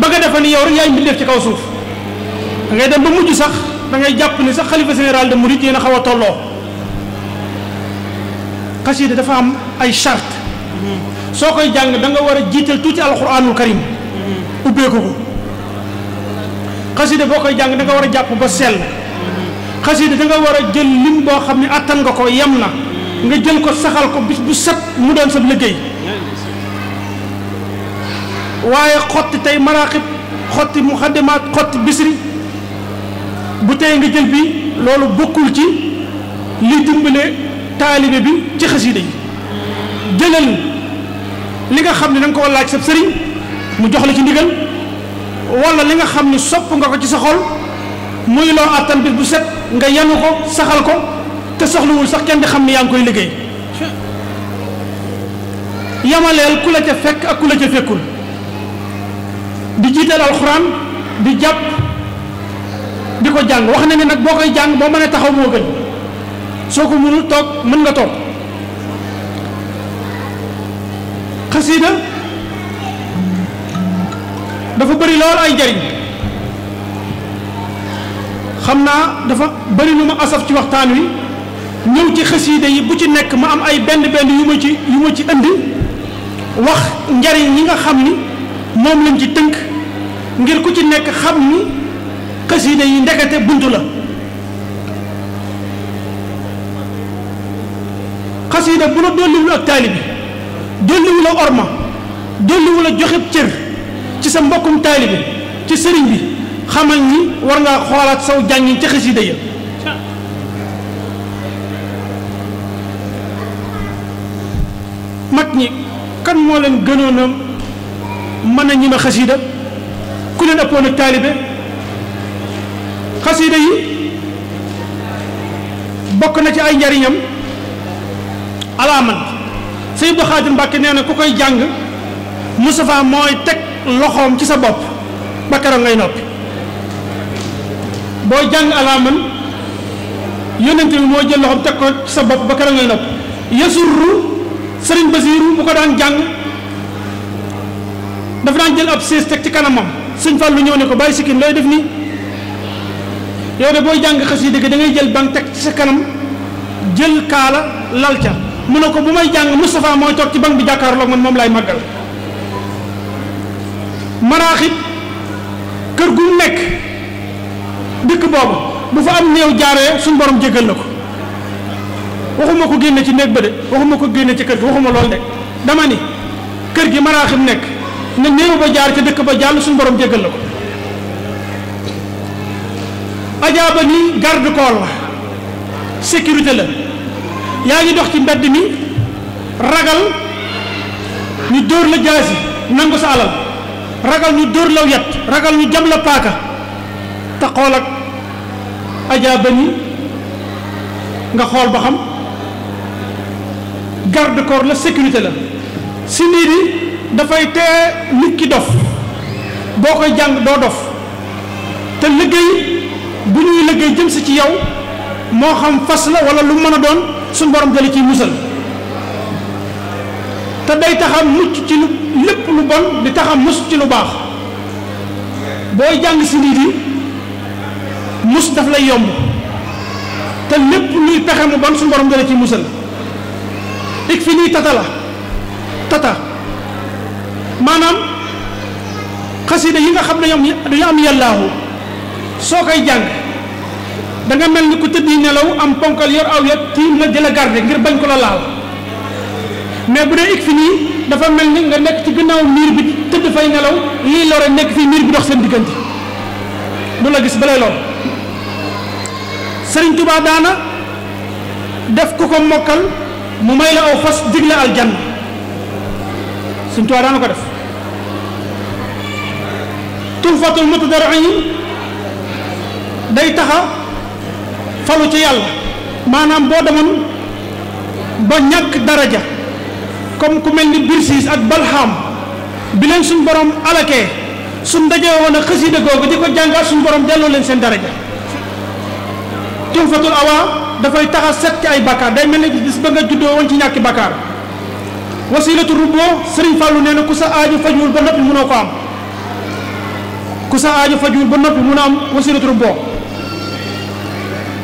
C: ba nga defa ni yow rek yaay mbi ci kaw suuf da ngay dem ba mujj sax dangay jàpp ni sax xalifa général de Mouride yéen a xaw a tolloo xasida dafa am ay charte soo koy jàng danga war a jiital tuuti alquranul karim ubbeeku ko xasida boo koy jàng da war a jàpp ba sell xasida da nga war a jël lim boo xam ne àttan nga ko yem na nga jël ko saxal ko bis bu set mu doon sa liggéey waaye xotti tey maraaxib xotti muxaddimaat xotti bisri bu tey nga jël bi loolu bokkul ci li dimbale taalibe bi ci xasida yi jëlal li nga xam ne danga ko laaj sa sëriñ mu jox la ci ndigal wala li nga xam ne sopp nga ko ci sa xol muy loo àttan bis bu set nga yanu ko saxal ko te soxlawul sax kenn di xam ne yaa ngi koy liggéey yamaleel ku la ca fekk ak ku la ca fekkul di jiital alxuraan di jàpp di ko jàng wax na ni nag boo koy jàng boo mënee taxaw moo gën soo ko mënul toog mën nga toog xasiida dafa bëri lool ay jariñ xam naa dafa bëri lu ma asaf ci waxtaan wi ñëw ci xasiida yi bu ci nekk ma am ay benn benn yu ma ci yu ma ci indi wax njariñ yi nga xam ni moom lañ ci tënk ngir ku ci nekk xam ni xasiida yi ndekete buntu la xasiida bu la dolliwul ak taalibi dolliwu la orma dolliwu la joxe cër ci sa mbokkum taalibi ci sëriñ bi xamal ni war ngaa xoolaat saw jàngin ci xasiida ya kan moo leen gënoon a mën a ñime xasida ku leen ëppoon ak taalibe xasida yi bokk na ci ay njariñam alaaman sëñ Abdu Xaadir Mbàkke nee ku koy jàng Moustapha mooy teg loxoom ci sa bopp ba keroog ngay noppi boo jàng alaaman yónnent bi mooy jël loxoom teg ko sa bopp ba keroog ngay noppi sëriñ Basiiru mu ko daan jàng dafa daan jël ab siis teg ci kanamam sëñ Fàllu ñëw ne ko bàyyi sikkin looy def nii yow de booy jàng xasida gi da ngay jël bank teg ci sa kanam jël kaala lal ca mu ne ko bu may jàng Moustapha mooy toog ci bank bi jàkkaarloog man moom laay màggal maraaxit kër gu mu nekk dëkk boobu bu fa am néew jaaree suñu borom jéggal na ko waxuma ko génne ci néeg ba de waxuma ko génne ci kër gi waxuma loolu de dama ni kër gi maraaxim nekk ne néew ba jaar ca dëkk ba jàll suñu borom jéggal la ko ajaaba garde corps la sécurité la yaa ngi dox ci mbedd mi ragal ñu dóor la jaasi nangu sa alal ragal ñu dóor law yet ragal ñu jam la paaka te xool ak ajaaba nga xool ba xam garde corps la sécurité la si nii dafay tee nit ki dof boo koy jàng doo dof te liggéey bu ñuy liggéey jëm si ci yow moo xam fas la wala lu mën a doon suñ borom dali ciy musal te day taxam mucc ci lu lépp lu bon di taxam mus ci lu baax booy jàng si nii di mus daf lay yomb te lépp luy pexe mu bon suñ borom dali ciy musal ik fi nii tata la tata maanaam xasida yi nga xam ne ñoom dañu am yàllaahu soo koy jàng da nga mel ni ku tëdd nelaw am ponkal yor aw yat tiim la di la garde ngir bañ ko la laal mais bu dee ik fi nii dafa mel ni nga nekk ci gannaaw miir bi tëdd fay nelaw lii lore nekk fii miir bi dox seen diggante du la gis balay lool Sëriñ Tuubaa daana def ku ko mokkal mu may la aw fas digle aljanna suñ tuwaa daana ko def tulfatul mutadarriin day taxa falu ci yàlla maanaam boo demoon ba ñàkk daraja comme ku mel ni birsiis ak balxaam bi leen suñ borom alakee suñ dajee woon a xësiida googu di ko jàngaat suñ borom delloo leen seen daraja julfatul awa dafay tax a set ay bakkaar day mel ne gis ba nga juddoo woon ci ñàkki bakkaar wasilatu rubboo sëriñ fàllu nee na ku sa aajo fajwul ba noppi mun ko am ku sa aajo ba noppi mën a am wasilatu rubboo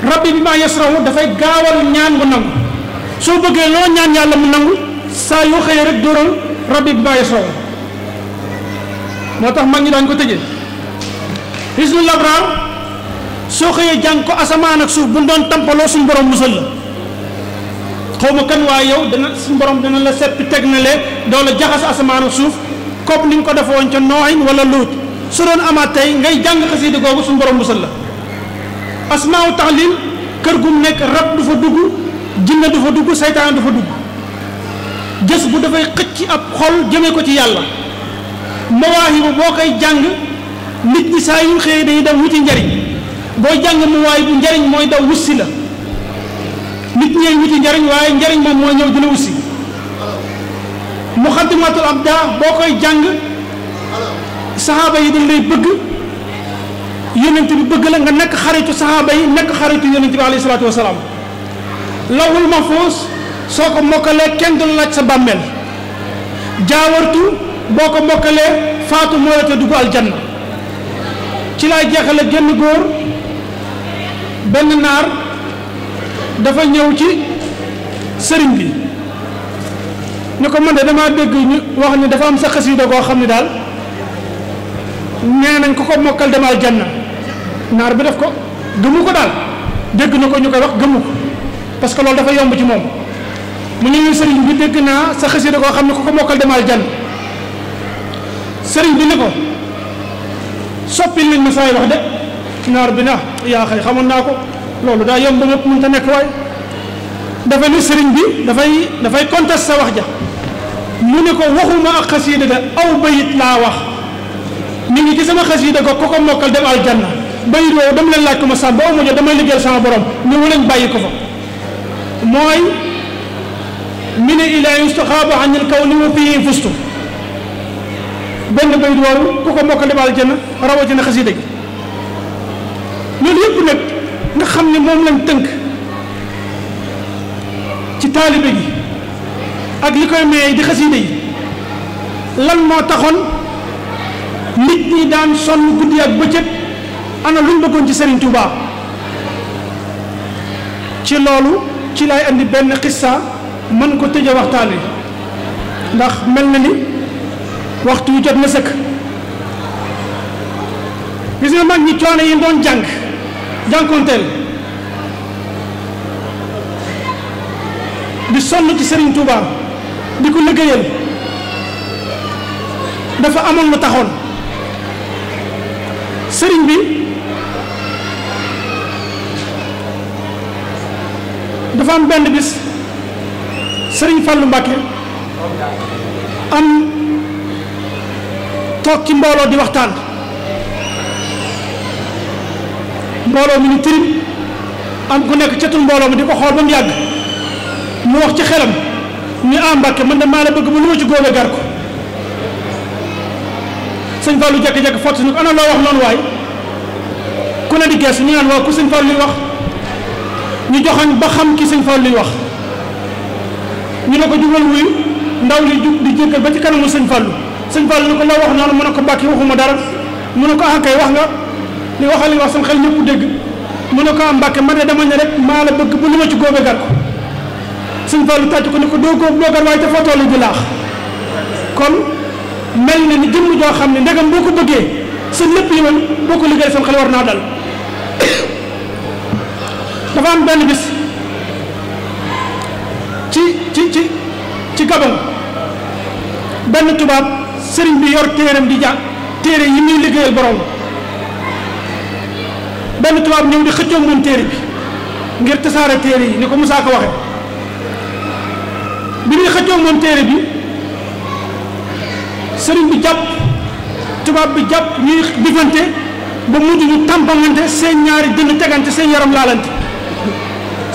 C: rabbi bi maa yasrahu dafay gaawal ñaan nga nangu soo bëggee loo ñaan yàlla mu nangu saa yoo xëyee rek dóoral rabbi bi maa yasrahu moo tax mag ñi daañ ko tëjee soo xëyee jàng ko asamaan ak suuf bu doon tampaloo suñu borom musal la xaw ma kan waaye yow dana suñu borom dana la seppi teg na le doo la jaxas asamaan ak suuf comme ni nga ko defoon ca nooyin wala luut su doon amaat tey ngay jàng xasida googu suñu borom musal la asmaaw taxlil kër gu mu nekk rab du fa dugg jinne du fa dugg seytaan du fa dugg jës bu dafay xëcc ab xol jëmee ko ci yàlla mawaahibu boo koy jàng nit ñi saa yu xëyee dañuy dem wuti njariñ booy jàng mu waay bu njariñ mooy daw wussi la nit ñee wuti njariñ waaye njariñ moom mooy ñëw di la wussi muxaddimatul abda boo koy jàng saxaaba yi dañ lay bëgg yonent bi bëgg la nga nekk xaritu saxaaba yi nekk xaritu yonent bi alayhi salaatu wasalaam lawul mahfuus soo ko mokkalee kenn du la laaj sa bàmmeel jaawartu boo ko mokkalee faatu moo la te dugg aljanna ci laa jeexale génn góor benn naar dafa ñëw ci sëriñ bi ñu ko man de damaa dégg ñu wax ni dafa am sa xasida goo xam ne daal nee nañ ko ko mokkal demal janna naar bi def ko gëmu ko daal dégg na ko ñu koy wax gëmu ko parce que loolu dafa yomb ci moom mu ne ñu sëriñ bi dégg naa sa xasida goo xam ne ko ko mokkal demal janna sëriñ bi ni ko soppil nañ ma saay wax de naar bi naa yaa xay xamoon naa ko loolu daa yomb lépp mënta nekk waay dafa ni sëriñ bi dafay dafay conteste sa wax ja mu ne ko waxuma ak xasiida de aw bayit laa wax mi ngi ci sama xasiida ko ko ko mokkal dem aljanna bayit woowu dama leen laaj ko ma sàmm ba aw ma jot damay liggéeyal sama borom ñu mu leen bàyyi ko fa mooy mi ne ilaa yustaxaabu an il kaw ni wa fii fustu benn bayit woowu ku ko mokkal dem aljanna rawatina xasiida gi loolu yëpp nag nga xam ne moom lañ tënk ci taalibe gi ak li koy maye di xasiide yi lan moo taxoon nit ñi daan sonn guddi ak bëccëg ana luñ bëggoon ci Serigne Touba ci loolu ci lay andi benn xissa mën ko tëje waxtaan wi ndax mel na ni waxtu yu jot na sëkk gis nga mag ñi coono yi doon jàng jànkonteel di sonn ci Serigne Touba di ko liggéeyal dafa amoon lu taxoon Serigne bi dafa am benn bis sëriñ Fallou Mbacké am toog ci mbooloo di waxtaan. mbooloo mi ni tirim am ku nekk catul mbooloo mi di ko xool ba mu yàgg mu wax ci xelam ni ah Mbàkke man de la bëgg mu lu ma ci góobee gar ko sëñ Fallou jékki-jékki fott ni ko ana loo wax noonu waay ne di gees ñu naan waaw ku sëñ Fallou liy wax ñu joxoon ba xam ki sëñ Fallou liy wax ñu ne ko jugal wuyu ndaw li jug di jékkal ba ci kanamu sëñ Fallou sëñ Fallou ni ko la wax noonu mu ne ko Mbàkke waxuma dara mu ne ko ah kay wax nga. ni waxal li wax sama xel ñëpp dégg mu ne ko am ah, mbàkke man de dama ne rek maa la bëgg bu li ma ci góobe gar ko suñ fàllu tàcc ko ni ko doo góob doo gar waaye te foo toll di kon mel na ni jëmm joo xam ne ndegam boo ko bëggee sa lépp yi boo ko liggéey sama xel war naa dal dafa am benn bis ci ci ci ci gabon benn tubaab sëriñ bi yor téeram di jàng téere yi muy liggéeyal borom benn tubaab ñëw di xëccoog moom téere bi ngir tasaare téere yi ni ko Moussa ko waxe bi ñuy xëccoog moom téere bi sëriñ bi jàpp tubaab bi jàpp ñuy diggante ba mujj ñu tàmpangante seen ñaari dënd tegante seen yaram laalante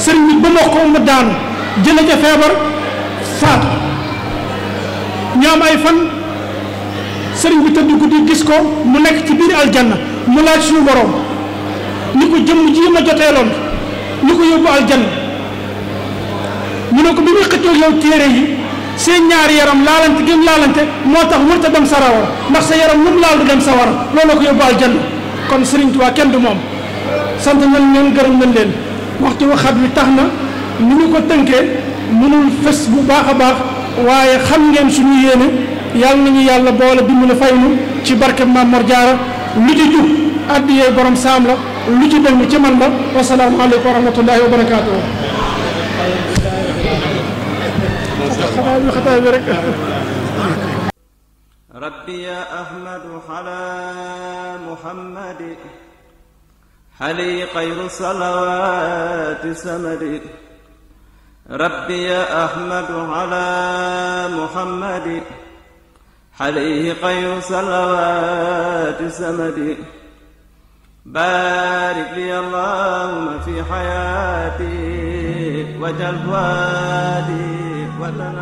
C: sëriñ bi ba ko mu daanu jële ca feebar faatu ñu am ay fan sëriñ bi tëdd guddi gis ko mu nekk ci biir aljanna mu laaj suñu borom ni ko jëmm ji ma jotee joteeloon ni ko yóbbu aljan mu ne ko bi muy xëccoo yow téere yi seen ñaari yaram laalante gën laalante moo tax wërta dem sarawa ndax sa yaram wut laal du dem sawara loolu ko yóbbu aljan kon Serigne Touba kenn du moom sant nañ leen gërëm nañ leen waxtu waxat wi tax na ni ñu ko tënkee mënul fës bu baax a baax waaye xam ngeen suñu yéene yàlla nañu yàlla boole dimbali fay nu ci barke Maam Mor Jaara lu ci jub addiyee borom saam la lu ci dëng ci man la wasalaamaaleykum wa rahmatullahi wa barakaatu.
D: rabbi ya ahmadu ala muhammadi xali xayru salawaati samadi rabbi ya ahmadu ala muhammadi xali xayru salawaati samadi بارك لي اللهم في حياتي وجل فؤادي وتنام